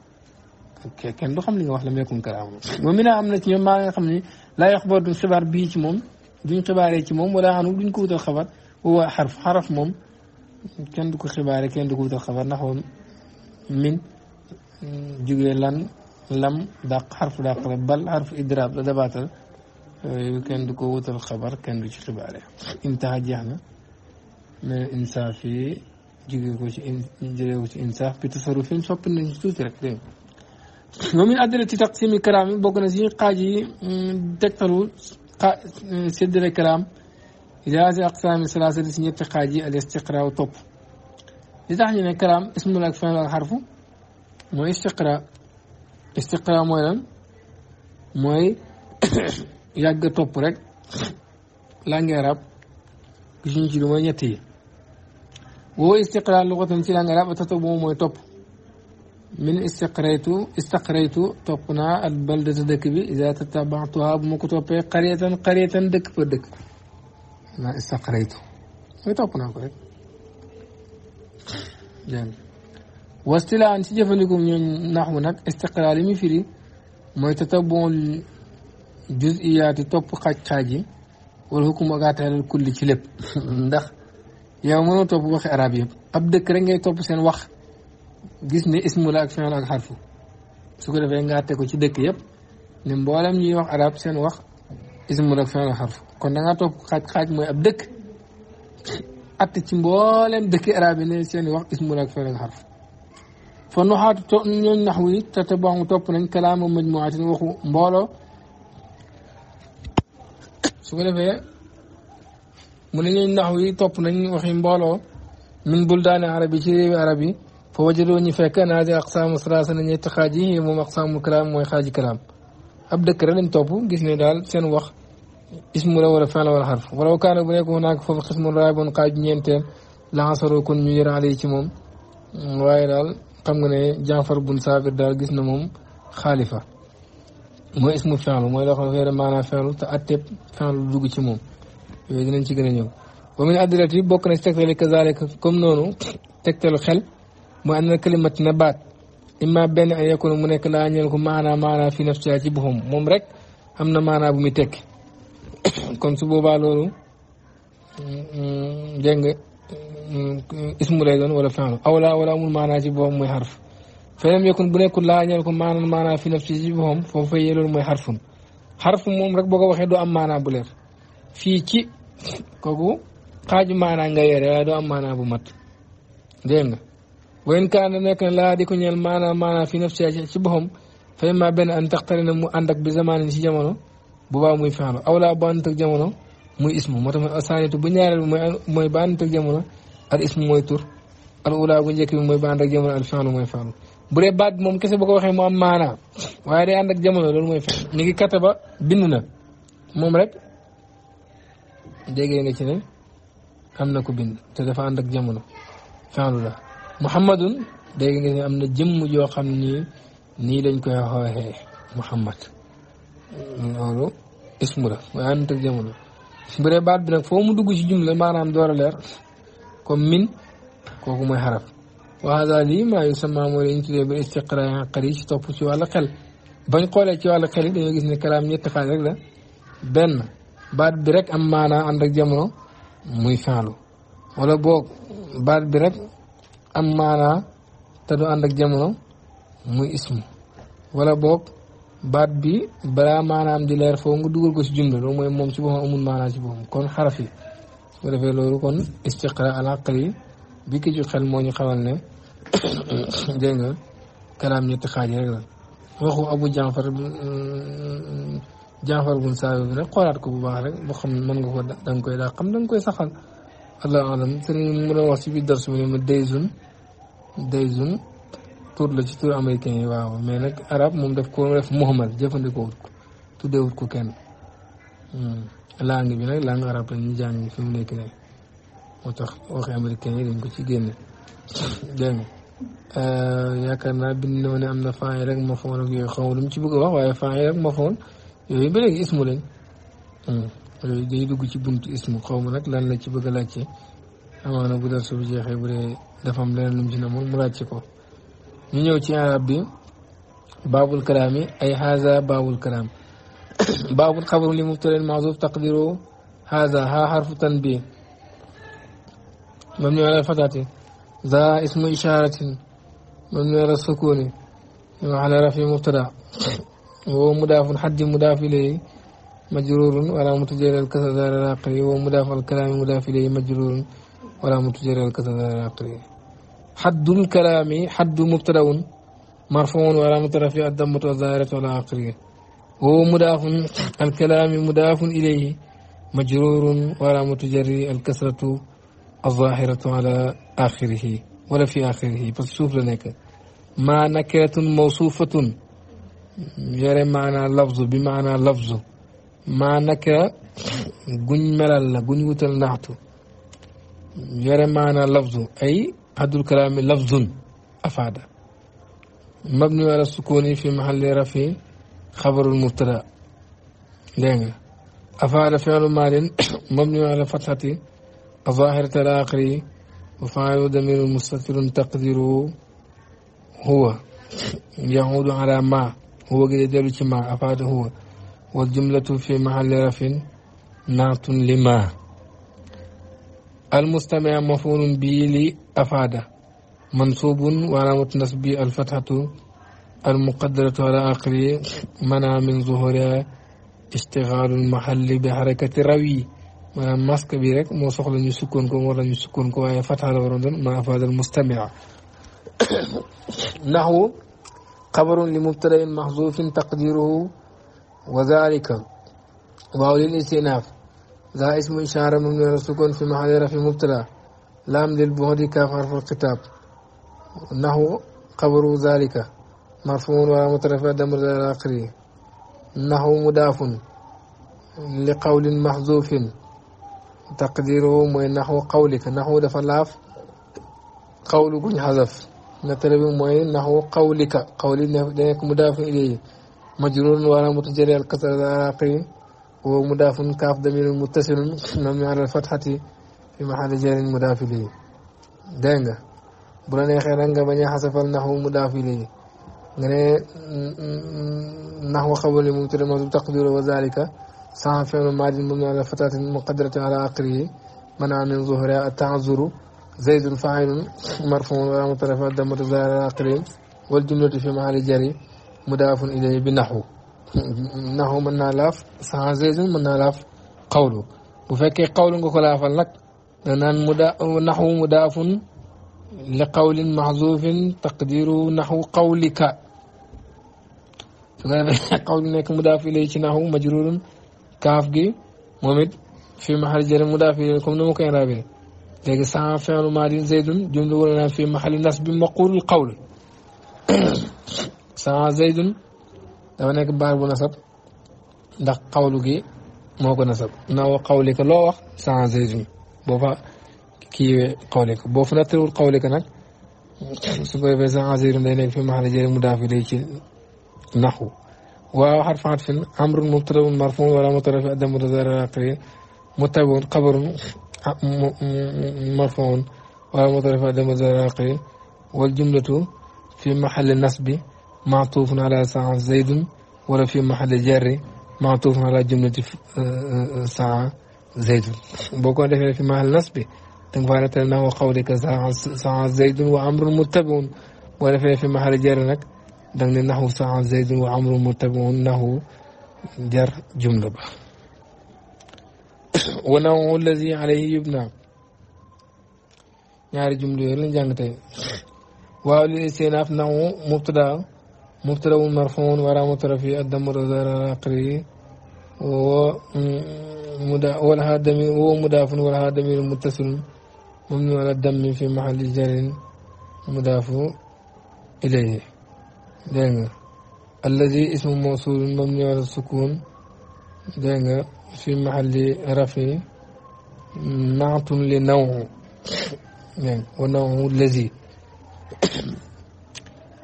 كي كان دخل لي لم يكن كلاما ومن أمنت يوم ما خمني لا يخبر دون سبار بيت مم دون خبر بيت مم ولا عنو دون كوت الخبر هو حرف حرف مم kenn du ko xibaare kenn du ko wutal xabar ndax woon min jógee lan lam dàq xarfu dàq la bal xarfu idraab la dabaatal yooyu kenn du ko wutal xabar kenn du ci xibaare intaha jeex na mais insaaf yi jógee ko ci jëlee ko ci insaaf bi tasarufin soppi nañ ci tuuti rek dégg moom it adreti taqsimi karaam yi bokk na si xaaj yi mm, tegtalu xa eh, séddale karaam إذا هذه أقسام الثلاثة التي يتقاضي الاستقراء طب إذا حنا كلام اسم لك فين الحرف مو استقراء استقراء مو لم مو طب رك لانج عرب كشين شلو مين يتي وهو استقراء لغة نتي لانج عرب تتبو مو طب من استقريت استقريت طبنا البلدة دكبي إذا تتبعتها بمكتوبة قرية قرية دك بدك ما استقريته ويتوقنا قريب جان واستلاء ان تجف لكم نحو نك استقرار مفري ما يتتبع الجزئيات توب قاجي والحكم وقات على الكل كلب ندخ يا من توب وخ عربي اب دك رنجي توب سين وخ جسم اسم لا فعل لا حرف سوكو دافاي غاتيكو سي دك ياب ني مبولم ني وخ عرب سين وخ اسم لا فعل لا حرف kon da ngaa topp xaaj-xaaj mooy ab dëkk att ci mbooleem dëkki arab yi ne seen wax ismul ak feel ak xarf fa nuxaatu to ñooñ nax wi te te boo topp nañ kalaama majmuatin waxu mbooloo su ko defee mu ne ñooñ nax wi topp nañ waxi mbooloo min buldaani arab yi ci réewi arab yi fa wajadoo ñu fekk naadi aqsaamu salaasa na ñetti xaaj yi moom aqsaamul kalaam mooy xaaji kalaam ab dëkk rek lañ topp gis ne daal seen wax ismu la wala fen la a xarf wala kaana bu nekk hunaaka foofu xismu raabun xaaju ñeenteel laxasaroo kon ñu yëre ale ci moom mm, waaye daal xam nga ne Jaafar bun Saabir daal gis na moom xaalifa mooy ismu fenlu mooy loo xam ne maanaa ci moom yooyu ci gën a ñëw wa min addilat yi bokk na si tegtali kazalika comme noonu tegtalu xel mooy ànd na kalimat na baat imma benn ay yakunu mu nekk laa ñeel ko maanaa maanaa fi nafsiha ci boppam moom rek am na maanaa bu muy tekki kon su boobaa loolu mm, mm, dégg nga mm, ismu lay doon wala fi'lu aw laa wala amul ci boppam mooy xarf feneen bu nekkul laa ñeel ko maanaan maanaa fi nafsi ci mooy xarfun moom rek boo ko waxee doo am maanaa fii ci kooku xaaju maanaa nga yore waaye doo am maanaa bu mat dégg nga wayen kaana nekk na laa di ko ñeel maanaa maanaa fi nafsi ci boppam fay ma benn an taxtari na mu ànd bi zamanin ci jamono bu baax muy fexlu awla ba ànd ak jamono muy ismu moo tax asaanitu bu ñaareel bi mooy mooy ba ànd ak jamono al ismu mooy tur al ula bu njëkk mooy ba ànd ak jamono mooy fexlu bu dee baat moom kese bu ko waxee mu am jamono loolu mooy fexlu. ñu ngi kataba bind na moom rek déggee nga ne am na ko bind te dafa ànd ak jamono fexlu la muhammadun dégg nga ne am na jëmm joo xam ni nii lañ koy xooxee muhammad loolu ismu la mooy ànd ak jamono bu baat bi nag foo mu dugg ci jumla maanaam door a leer comme min kooku mooy xaraf wa hada lii maa yusamma mooy lañu tuddee ba istiqra aqli ci topp ci wàllu xel bañ xoolee ci wàllu xel yi dañoo gis ne kalaam ñetti xaaj rek la benn baat bi rek am maanaa ànd ak jamono muy faalu wala boog baat bi rek am maanaa te du ànd ak jamono muy ismu wala boog baat bi balaa maanaam di leer foofu nga dugal ko ci jumla loolu mooy moom si boppam amul maanaam si boppam kon xaraf yi su ko defee loolu kon istiqra al aqli ki xel moo ñu xamal ne dégg nga kalaam ñetti xaaj rek la waxu abu janfar janfar bun saabi bi nag xoolaat ko bu baax rek boo xam mën nga ko da nga koy daa xam da koy saxal allah alam sëriñ mu doon wax si biir darsu mu ne ma dayzun dayzun tur la ci tur américain yi waaw mais nag arab moom daf ko def muhammad jëfandikoo wut ko tuddeewut ko kenn hmm. langue bi nag langue arab la ñuy jàng fi mu nekk ne moo tax waxi américain yi dañ ko ci génne dégg nga euh, yaakaar naa bind na ma ne am na fen rek moo fawoon ak yooyu xaw lu mu ci bëgg wax waaye fen yi rek moo fawoon yooyu ba léegi ismu lañ hmm. yooyu day dugg ci bunt ismu xaw ma nag lan la ci bëgg a laajte amaana bu dal subu jeexee bu dee dafa am leneen lu mu ci ko نيو تي عربي باب الكلام اي هذا باب الكرام باب الخبر لمفتر المعذوف تقديره هذا ها حرف تنبيه مبني على الفتحة ذا اسم إشارة مبني على السكون وعلى رفع مبتدا وهو مضاف حد مضاف إليه مجرور ولا متجر الكسر ذا العقل وهو الكلام مضاف إليه مجرور ولا متجر الكسر ذا العقل حد الكلام حد مبتدا مرفوع وعلامة رفيع الدم الظاهرة على آخره هو مضاف الكلام مضاف إليه مجرور ولا متجري الكسرة الظاهرة على آخره ولا في آخره بس شوف لنك ما نكرة موصوفة يرى معنى اللفظ بمعنى اللفظ ما نكرة قن ملل قن يرى معنى اللفظ أي حد الكلام لفظ أفاد مبني على السكون في محل رفع خبر المبتدا دينغ أفاد فعل مال مبني على فتحة الظاهرة الآخر وفاعل ضمير مستتر تقديره هو يعود على ما هو قد يدل ما أفاد هو والجملة في محل رفع نعت لما المستمع مفعول به لأفاد منصوب وعلامة نصبه الفتحة المقدرة على آخره منع من ظهورها اشتغال المحل بحركة روي من ماسك بيرك مو سخل يسكن كو ولا يسكن كو اي فتحه لو ما افاد المستمع نحو خبر لمبتدا محذوف تقديره وذلك واو للاستئناف ذا اسم إشارة ممن السكون في محل رفع مبتلى لام للبهد كاف حرف الخطاب نحو قبر ذلك مرفوع ولا مترفع دمر ذا الآخري نحو مداف لقول محذوف تقديره موين نحو قولك نحو دفع لاف قول كن حذف نتلب موين نحو قولك قولي نحو مداف إليه مجرور ولا متجري الكسر ذا الآخري ومضاف كاف دمير متصل نمي على الفتحة في محل جر مضاف لي دنگا بلان خير نغا بني حسب النحو مضاف لي غني نحو خبر مبتدا مضاف تقدير وذلك صحف ماضي مبني على فتحة مقدرة على اخره منع من ظهر التعذر زيد فاعل مرفوع ومترفع دم متزايد على اخره والجملة في محل جر مضاف اليه بنحو نه من نالاف سانزيز من نالاف قولو بفك قولو خلاف لك نان مدا نحو مداف لقول محذوف تقدير نحو قولك قول نك مداف اليه نحو مجرور كاف جي مومد في محل جر مداف لكم نمو كان رابي لك سان فعل ماضي زيد جمله في محل نصب مقول القول سان زيد dafa nekk baat bu nasab ndax xawlu gi moo ko nasab naaw xawli ko loo wax changé bi boo fa kiiwee xawli ko boo fa nattaliwul xawli ko nag su ko defee changé bi day nekk fi maxala jëri mu daa fi day ci naxu waaw xar faxat fin amrun mubtadaun marfun wala mutara fi adam mutazara aqri mutabiun xabarun marfuun wala mutara fi adam mutazara aqri wal jumlatu fi maxali nasbi معطوف على سعى زيد ولا في محل جر معطوف على جملة آه، آه، آه، سعى زيد بوكو دخل في محل نصب تنقفارة ما هو قولك سعى زيد وعمر متبع ولا في في محل جر نك دنگن نحو سعى زيد وعمر متبع نحو جر جملة ونوع الذي عليه يبنى ñaari jumlu yoy lañ jàng tey waaw li مبتدا مرفوع وعلامة رفعه الضمير الظاهر على آخره ولها ضمير وهو مضاف ولها ضمير متصل مبني على الدم في محل جر مدافع إليه دينغ. الذي اسم موصول مبني على السكون دينغ. في محل رفع نعت لنوع ونوع الذي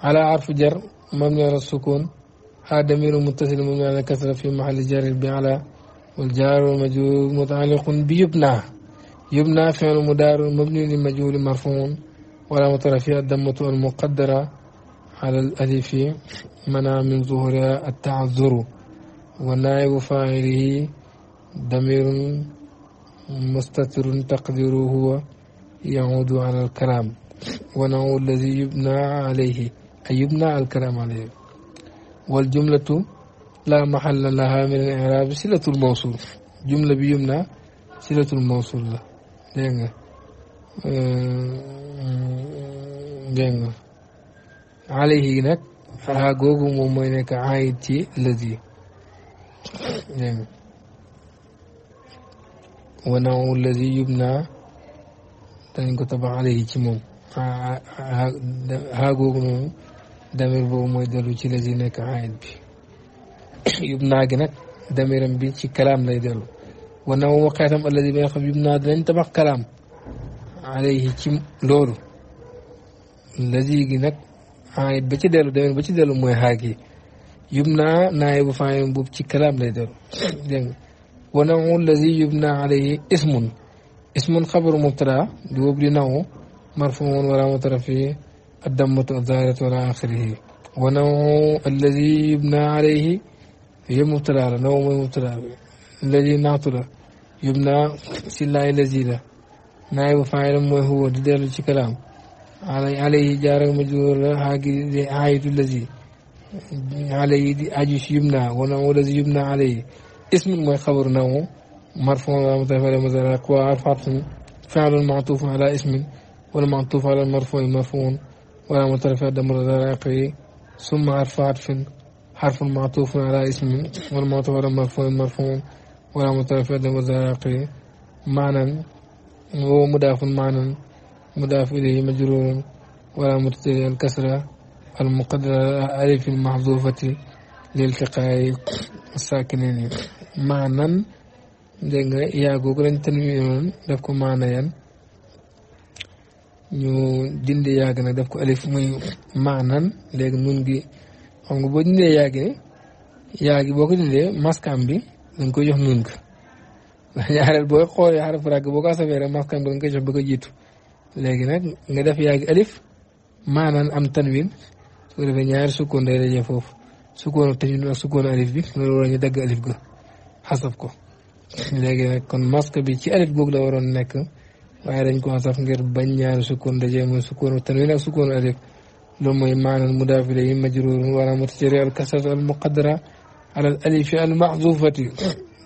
على عرف جر مبني على السكون ها ضمير متصل مبني على كسر في محل جر على والجار والمجهول متعلق بيبنى يبنى فعل مدار مبني للمجهول مرفوع ولا مترفية الدمة المقدرة على الألف منع من ظهورها التعذر ونائب فاعله ضمير مستتر تقديره هو يعود على الكلام ونوع الذي يبنى عليه أيبنا الكلام عليه والجملة لا محل لها من الإعراب صلة الموصول جملة بيمنا صلة الموصول لا دينغ دينغ عليه نك ها غوغو موم موي نك عايتي الذي دينغ ونوع الذي يبنى دنجو تبع عليه تي موم ها غوغو موم damir boobu mooy dellu ci lazi nekk ayit bi yub naa gi nag damiram bi ci kalaam lay dellu wana moom waxeetam allazi bi nga xam yub naa dinañ tabax kalaam alayhi ci loolu lazi nag ayit ba ci dellu damir ba ci dellu mooy xaagi yub naa naaye bu faayam ci kalaam lay dellu dégg nga wana moom allazi yub naa alayhi الدم الظاهرة إلى آخره ونوعه الذي يبنى عليه هي مبتلى نوم مبتلى الذي ناطر يبنى سلا إلى له نائب فاعل وهو دلالة كلام عليه جار مجرور هاي الذي عليه أجيش يبنى ونوع الذي يبنى عليه اسم ما خبر نوع مرفوع على متفعل مزارع وارفعت فعل معطوف على اسم والمعطوف على المرفوع مرفوع ولا مترفع دمر العراقي ثم حرف عطف حرف معطوف على اسم والمعطوف على مرفوع مرفوع ولا مترفع دمر العراقي معنى هو مضاف معنى مضاف إليه مجرور ولا متتبع الكسرة المقدرة ألف المحذوفة لالتقاء الساكنين معنى dégg nga yaa googu lañ tanwiinoon ñu dindi yàgg nag def ko alif muy maanan léegi mun gi xam nga boo dindee yàgg ni yàgg boo ko dindee maskam bi danga koy jox nun ko ñaareel boo xoolee xaraf ràgg boo ko asafee rek maskam bi danga koy jox ba ko jiitu léegi nag nga def yàgg alif maanan am tanwin su ko defee ñaari sukkoon day dajee foofu sukkoon tanwin ak sukkoon alif bi loolu war ñu dagg alif ga xasaf ko léegi nag kon mask bi ci alif googu la waroon nekk waaye dañ ko saf ngir bañ ñaari sukkoon daje muy sukkoonu tanwin ak sukkoonu alif loolu mooy maanaam mudaaf ilayhi majruurun wala mutajari al kasratu al muqaddara ala al alifi al maxzufati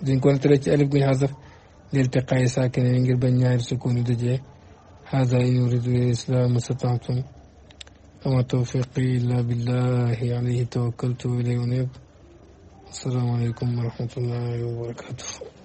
dañ ko nettale ci alif guñ xasaf lil tiqaayi saakine ngir bañ ñaari sukkoon yu daje hada in uridu lil islam istataatum ama tawfiqi illa billahi alayhi tawakkaltu wa ilayhi unib assalaamu aleykum wa rahmatullahi wa barakatuh